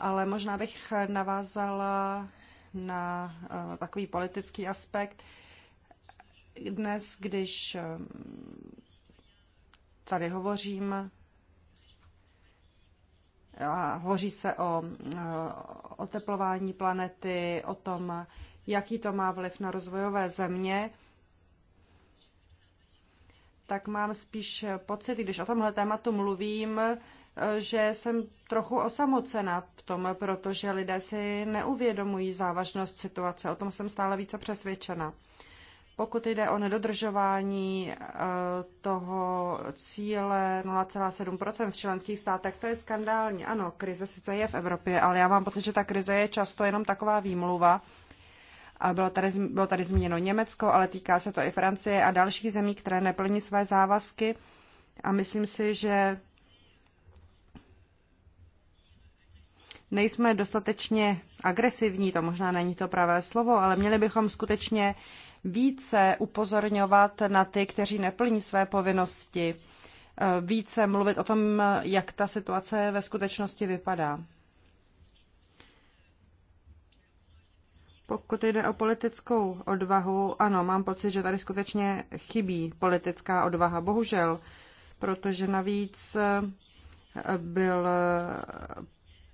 ale možná bych navázala na eh, takový politický aspekt. Dnes, když eh, tady hovořím a hovoří se o eh, oteplování planety, o tom, jaký to má vliv na rozvojové země, tak mám spíš pocit, když o tomhle tématu mluvím, že jsem trochu osamocena v tom, protože lidé si neuvědomují závažnost situace. O tom jsem stále více přesvědčena. Pokud jde o nedodržování eh, toho cíle 0,7 v členských státech, to je skandální. Ano, krize sice je v Evropě, ale já mám pocit, že ta krize je často jenom taková výmluva, a bylo tady, bylo tady zmíněno Německo, ale týká se to i Francie a dalších zemí, které neplní své závazky. A myslím si, že nejsme dostatečně agresivní, to možná není to pravé slovo, ale měli bychom skutečně více upozorňovat na ty, kteří neplní své povinnosti, eh, více mluvit o tom, jak ta situace ve skutečnosti vypadá. Pokud jde o politickou odvahu, ano, mám pocit, že tady skutečně chybí politická odvaha, bohužel, protože navíc eh, byl eh,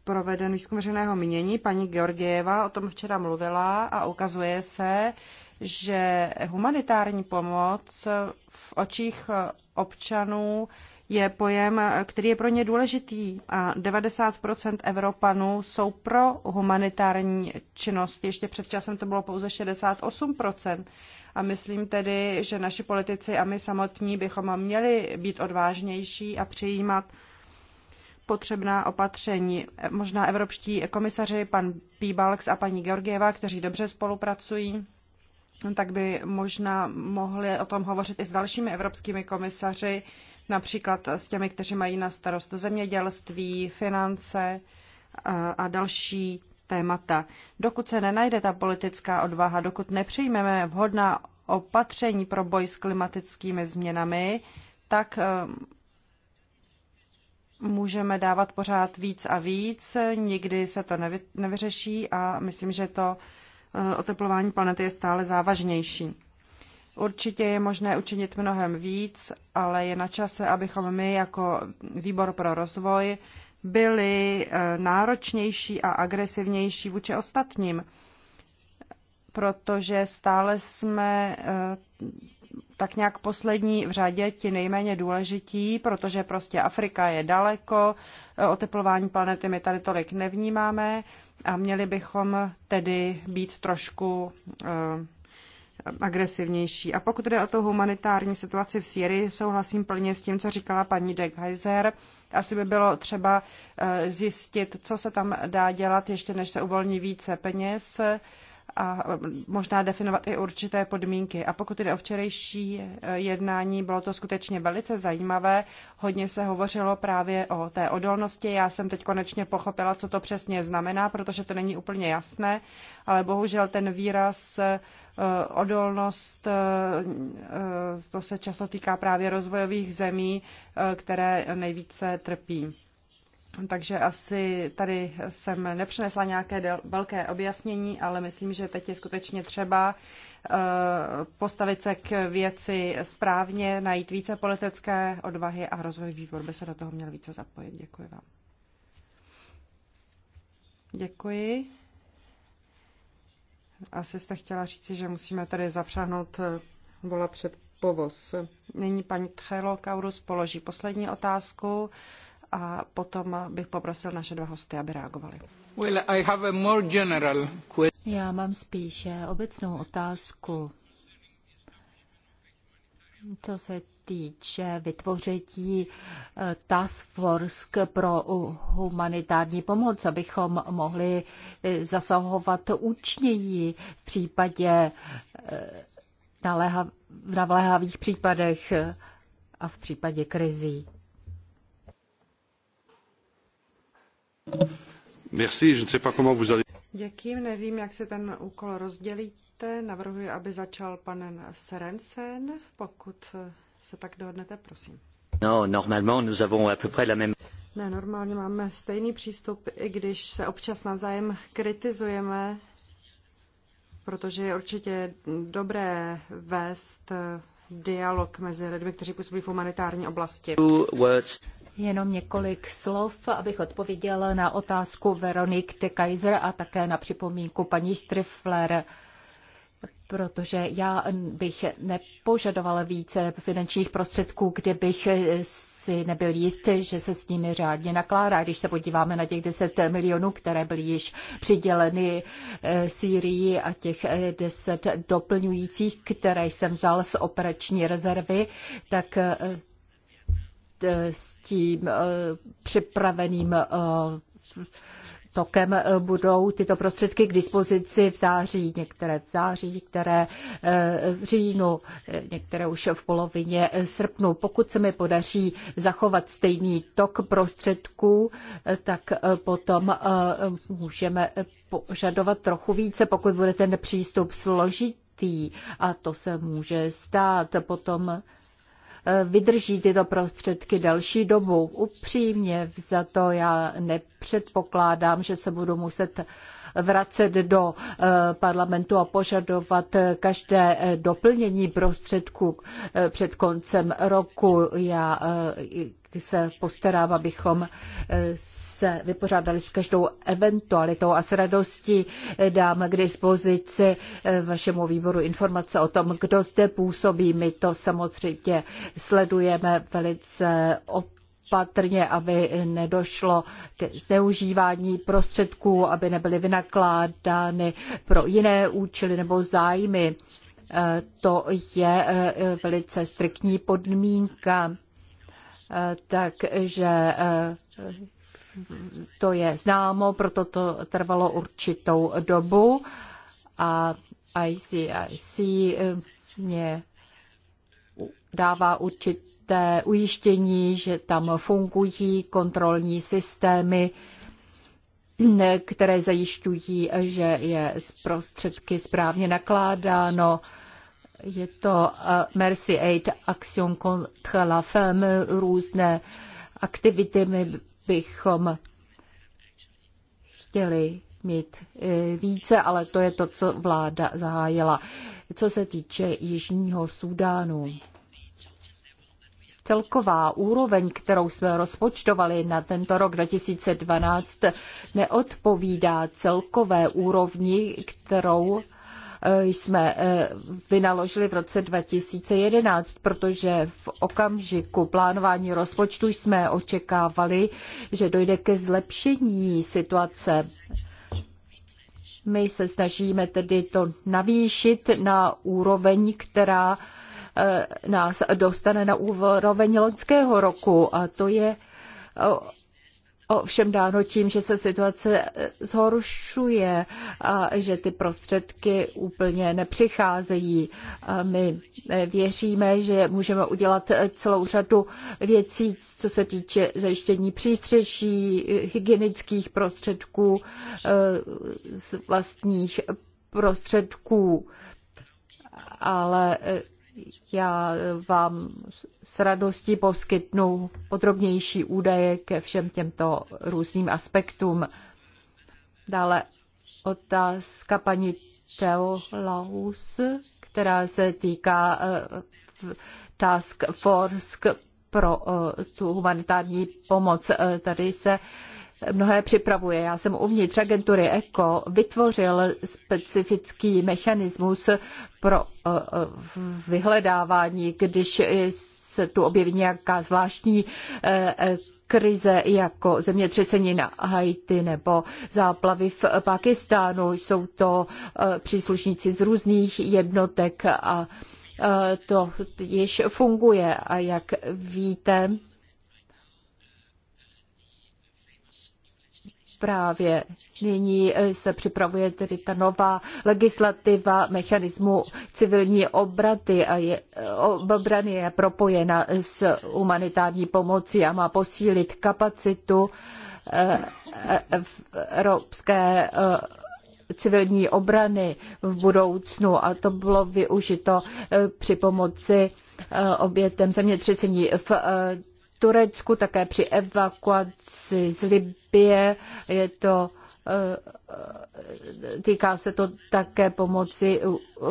proveden výzkum veřejného mínění. Paní Georgieva o tom včera mluvila a ukazuje se, že humanitární pomoc v očích eh, občanů je pojem, který je pro ně důležitý a 90 Evropanů jsou pro humanitární činnost. Ještě před časem to bylo pouze 68 a myslím tedy, že naši politici a my samotní bychom měli být odvážnější a přijímat potřebná opatření. Možná evropští komisaři, pan Píbalks a paní Georgieva, kteří dobře spolupracují, tak by možná mohli o tom hovořit i s dalšími evropskými komisaři, například s těmi, kteří mají na starost zemědělství, finance a další témata. Dokud se nenajde ta politická odvaha, dokud nepřijmeme vhodná opatření pro boj s klimatickými změnami, tak e, můžeme dávat pořád víc a víc, nikdy se to nevy, nevyřeší a myslím, že to e, oteplování planety je stále závažnější. Určitě je možné učinit mnohem víc, ale je na čase, abychom my jako výbor pro rozvoj byli eh, náročnější a agresivnější vůči ostatním, protože stále jsme eh, tak nějak poslední v řadě ti nejméně důležití, protože prostě Afrika je daleko, eh, oteplování planety my tady tolik nevnímáme a měli bychom tedy být trošku agresivnější. A pokud jde o tu humanitární situaci v Syrii, souhlasím plně s tím, co říkala paní Degheiser. Asi by bylo třeba eh, zjistit, co se tam dá dělat, ještě než se uvolní více peněz a možná definovat i určité podmínky. A pokud jde o včerejší eh, jednání, bylo to skutečně velice zajímavé. Hodně se hovořilo právě o té odolnosti. Já jsem teď konečně pochopila, co to přesně znamená, protože to není úplně jasné, ale bohužel ten výraz eh, odolnost, eh, to se často týká právě rozvojových zemí, které nejvíce trpí takže asi tady jsem nepřinesla nějaké velké objasnění, ale myslím, že teď je skutečně třeba eh, postavit se k věci správně, najít více politické odvahy a rozvoj výbor by se do toho měl více zapojit. Děkuji vám. Děkuji. Asi jste chtěla říci, že musíme tady zapřáhnout eh, vola před povoz. Nyní paní Tchelo Kaurus položí poslední otázku a potom bych poprosil naše dva hosty, aby reagovali. Well, I have a more general Já mám spíše obecnou otázku. Co se týče vytvoření eh, task force pro humanitární pomoc, abychom mohli eh, zasahovat účněji v případě eh, v naléhavých případech a v případě krizí. Merci, je ne sais pas comment vous allez... Děkuji, nevím, jak se ten úkol rozdělíte. Navrhuji, aby začal pan Serensen, pokud se tak dohodnete, prosím. No, normalement, nous avons à peu près la même... Ne, normálně máme stejný přístup, i když se občas navzájem kritizujeme, protože je určitě dobré vést dialog mezi lidmi, kteří působí v humanitární oblasti. Jenom několik slov, abych odpověděl na otázku Veronik de Kaiser a také na připomínku paní Strifler protože já bych nepožadovala více finančních prostředků, kdybych si nebyl jist, že se s nimi řádně nakládá. Když se podíváme na těch 10 milionů, které byly již přiděleny eh, Sýrii a těch 10 eh, doplňujících, které jsem vzal z operační rezervy, tak eh, s tím eh, připraveným eh, tokem eh, budou tyto prostředky k dispozici v září, některé v září, některé v říjnu, některé už v polovině srpnu. Pokud se mi podaří zachovat stejný tok prostředků, tak potom můžeme požadovat trochu více, pokud bude ten přístup složitý a to se může stát potom vydrží tyto prostředky další dobu. Upřímně za to já nepředpokládám, že se budu muset vracet do eh, parlamentu a požadovat každé eh, doplnění prostředků eh, před koncem roku. Já se postarám, abychom se vypořádali s každou eventualitou a s radostí dám k dispozici vašemu výboru informace o tom, kdo zde působí. My to samozřejmě sledujeme velice op patrně aby nedošlo k zneužívání prostředků, aby nebyly vynakládány pro jiné účely nebo zájmy. E, to je e, velice striktní podmínka, e, takže to je známo, proto to trvalo určitou dobu a ICIC mě dává určité ujištění, že tam fungují kontrolní systémy, které zajišťují, že je z prostředky správně nakládáno. Je to eh, Mercy Aid Action contre la Femme, různé aktivity. My bychom chtěli mít eh, více, ale to je to, co vláda zahájila. Co se týče Jižního Súdánu celková úroveň, kterou jsme rozpočtovali na tento rok 2012, neodpovídá celkové úrovni, kterou eh, jsme eh, vynaložili v roce 2011, protože v okamžiku plánování rozpočtu jsme očekávali, že dojde ke zlepšení situace. My se snažíme tedy to navýšit na úroveň, která Eh, nás dostane na úroveň loňského roku a to je eh, ovšem dáno tím, že se situace eh, zhoršuje a že ty prostředky úplně nepřicházejí. A my věříme, že můžeme udělat celou řadu věcí, co se týče zajištění přístřeší, hygienických prostředků, z vlastních prostředků ale já eh, vám s radostí poskytnu podrobnější údaje ke všem těmto různým aspektům. Dále otázka paní Theo Laus, která se týká eh, Task Force pro eh, tu humanitární pomoc. Tady se mnohé připravuje. Já jsem uvnitř agentury ECO vytvořil specifický mechanismus pro eh, eh, vyhledávání, když se tu objeví nějaká zvláštní eh, krize jako zemětřesení na Haiti nebo záplavy v Pakistánu. Jsou to příslušníci z různých jednotek a to již funguje. A jak víte, právě nyní se připravuje tedy ta nová legislativa mechanismu civilní obraty a je, obrany je propojena s humanitární pomocí a má posílit kapacitu eh, eh, evropské eh, civilní obrany v budoucnu a to bylo využito při pomoci obětem zemětřesení v Turecku, také při evakuaci z Libie. Je to eh, Týká se to také pomoci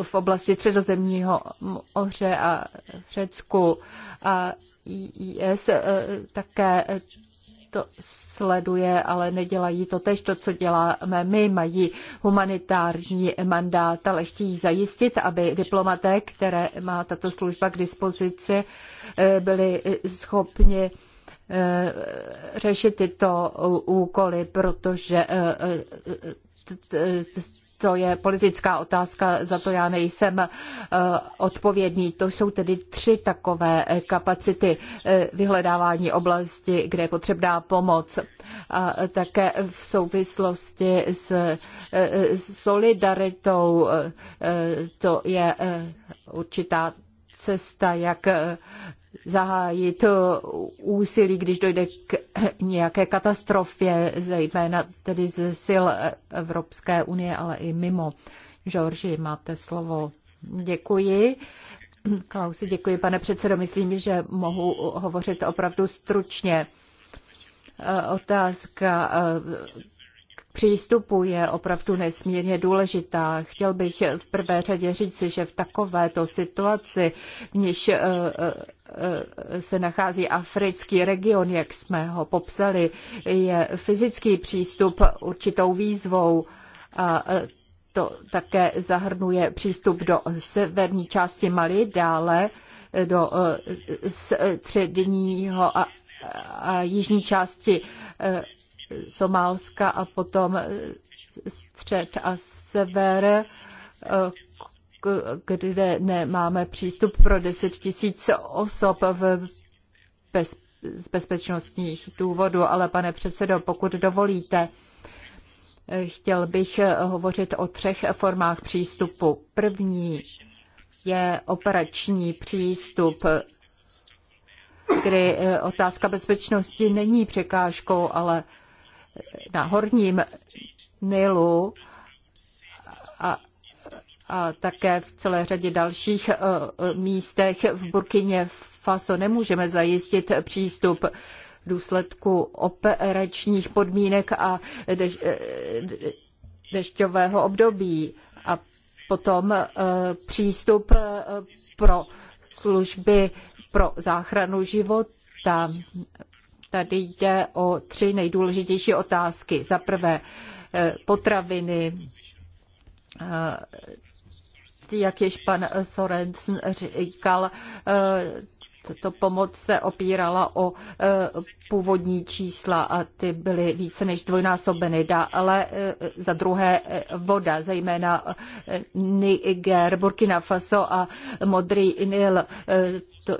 v oblasti Středozemního moře a v Řecku. A IS eh, také to sleduje, ale nedělají to tež, to, co děláme my, mají humanitární mandát, ale chtějí zajistit, aby diplomaté, které má tato služba k dispozici, eh, byli schopni eh, řešit tyto úkoly, protože eh, to je politická otázka, za to já nejsem eh, odpovědný. To jsou tedy tři takové eh, kapacity eh, vyhledávání oblasti, kde je potřebná pomoc. A také v souvislosti s solidaritou to je určitá cesta, jak eh, zahájit eh, úsilí, když dojde k eh, nějaké katastrofě, zejména tedy z sil Evropské unie, ale i mimo. Žorži, máte slovo. Děkuji. Klausi, děkuji, pane předsedo. Myslím, že mohu hovořit opravdu stručně. Otázka přístupu je opravdu nesmírně důležitá. Chtěl bych v prvé řadě říci, že v takovéto situaci, v níž eh, eh, se nachází africký region, jak jsme ho popsali, je fyzický přístup určitou výzvou. A eh, to také zahrnuje přístup do severní části Mali, dále do středního a, a jižní části Somálska a potom střed a sever, kde nemáme přístup pro 10 tisíc osob v bez, z bezpečnostních důvodů. Ale pane předsedo, pokud dovolíte, chtěl bych hovořit o třech formách přístupu. První je operační přístup, kdy eh, otázka bezpečnosti není překážkou, ale na horním Nilu a, a také v celé řadě dalších e, e, místech v Burkině Faso nemůžeme zajistit přístup v důsledku operačních podmínek a dež, e, dešťového období a potom přístup pro služby pro záchranu života Tady jde o tři nejdůležitější otázky. Za prvé eh, potraviny, eh, jak již pan Sorensen říkal, eh, tato pomoc se opírala o původní čísla a ty byly více než dvojnásobeny. ale za druhé voda, zejména Niger, Burkina Faso a Modrý Nil. To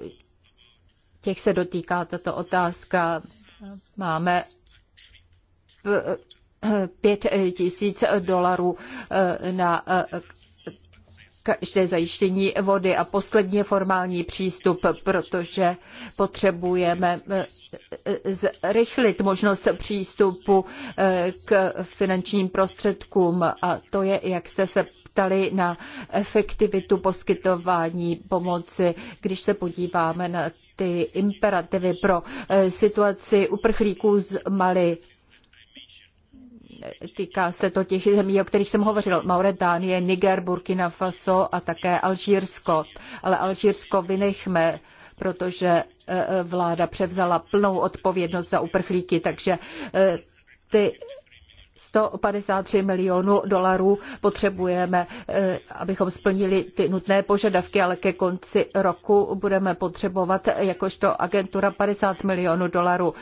těch se dotýká tato otázka. Máme eh, pět tisíc dolarů eh, na eh, každé zajištění vody a poslední formální přístup, protože potřebujeme zrychlit možnost přístupu k finančním prostředkům a to je, jak jste se ptali na efektivitu poskytování pomoci. Když se podíváme na ty imperativy pro eh, situaci uprchlíků z Mali. Týká se to těch zemí, o kterých jsem hovořil. Mauretánie, Niger, Burkina Faso a také Alžírsko. Ale Alžírsko vynechme, protože eh, vláda převzala plnou odpovědnost za uprchlíky, takže eh, ty 153 milionů dolarů potřebujeme, eh, abychom splnili ty nutné požadavky, ale ke konci roku budeme potřebovat jakožto agentura 50 milionů dolarů.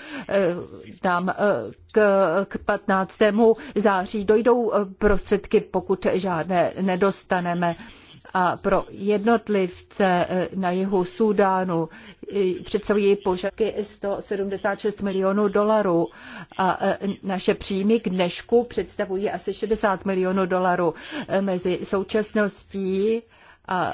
Nám eh, eh, k, k 15. září dojdou prostředky, pokud žádné nedostaneme a pro jednotlivce eh, na jihu Súdánu představují požadky 176 milionů dolarů a eh, naše příjmy k dnešku představují asi 60 milionů dolarů eh, mezi současností a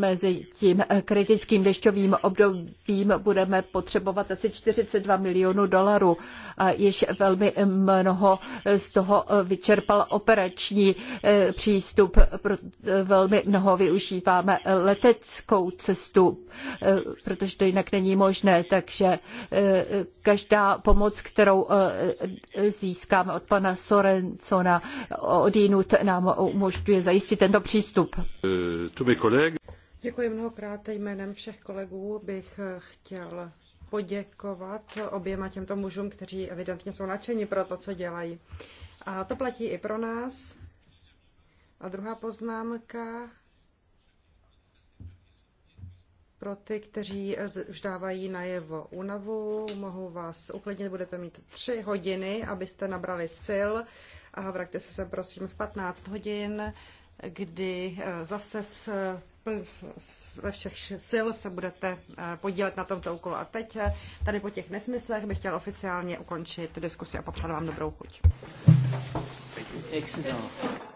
Mezi tím kritickým dešťovým obdobím budeme potřebovat asi 42 milionů dolarů. A již velmi mnoho z toho vyčerpal operační eh, přístup. Eh, velmi mnoho využíváme leteckou cestu, eh, protože to jinak není možné. Takže každá pomoc, kterou získáme od pana Sorensona, od jinut nám umožňuje zajistit tento přístup. Děkuji mnohokrát jménem všech kolegů. Bych chtěl poděkovat oběma těmto mužům, kteří evidentně jsou nadšeni pro to, co dělají. A to platí i pro nás. A druhá poznámka pro ty, kteří už dávají najevo únavu, mohu vás uklidnit, budete mít tři hodiny, abyste nabrali sil a vraťte se sem prosím v 15 hodin, kdy eh, zase s ve všech sil se budete eh, podílet na tomto úkolu. A teď eh, tady po těch nesmyslech bych chtěl oficiálně ukončit diskusi a popřát vám dobrou chuť. Excellent.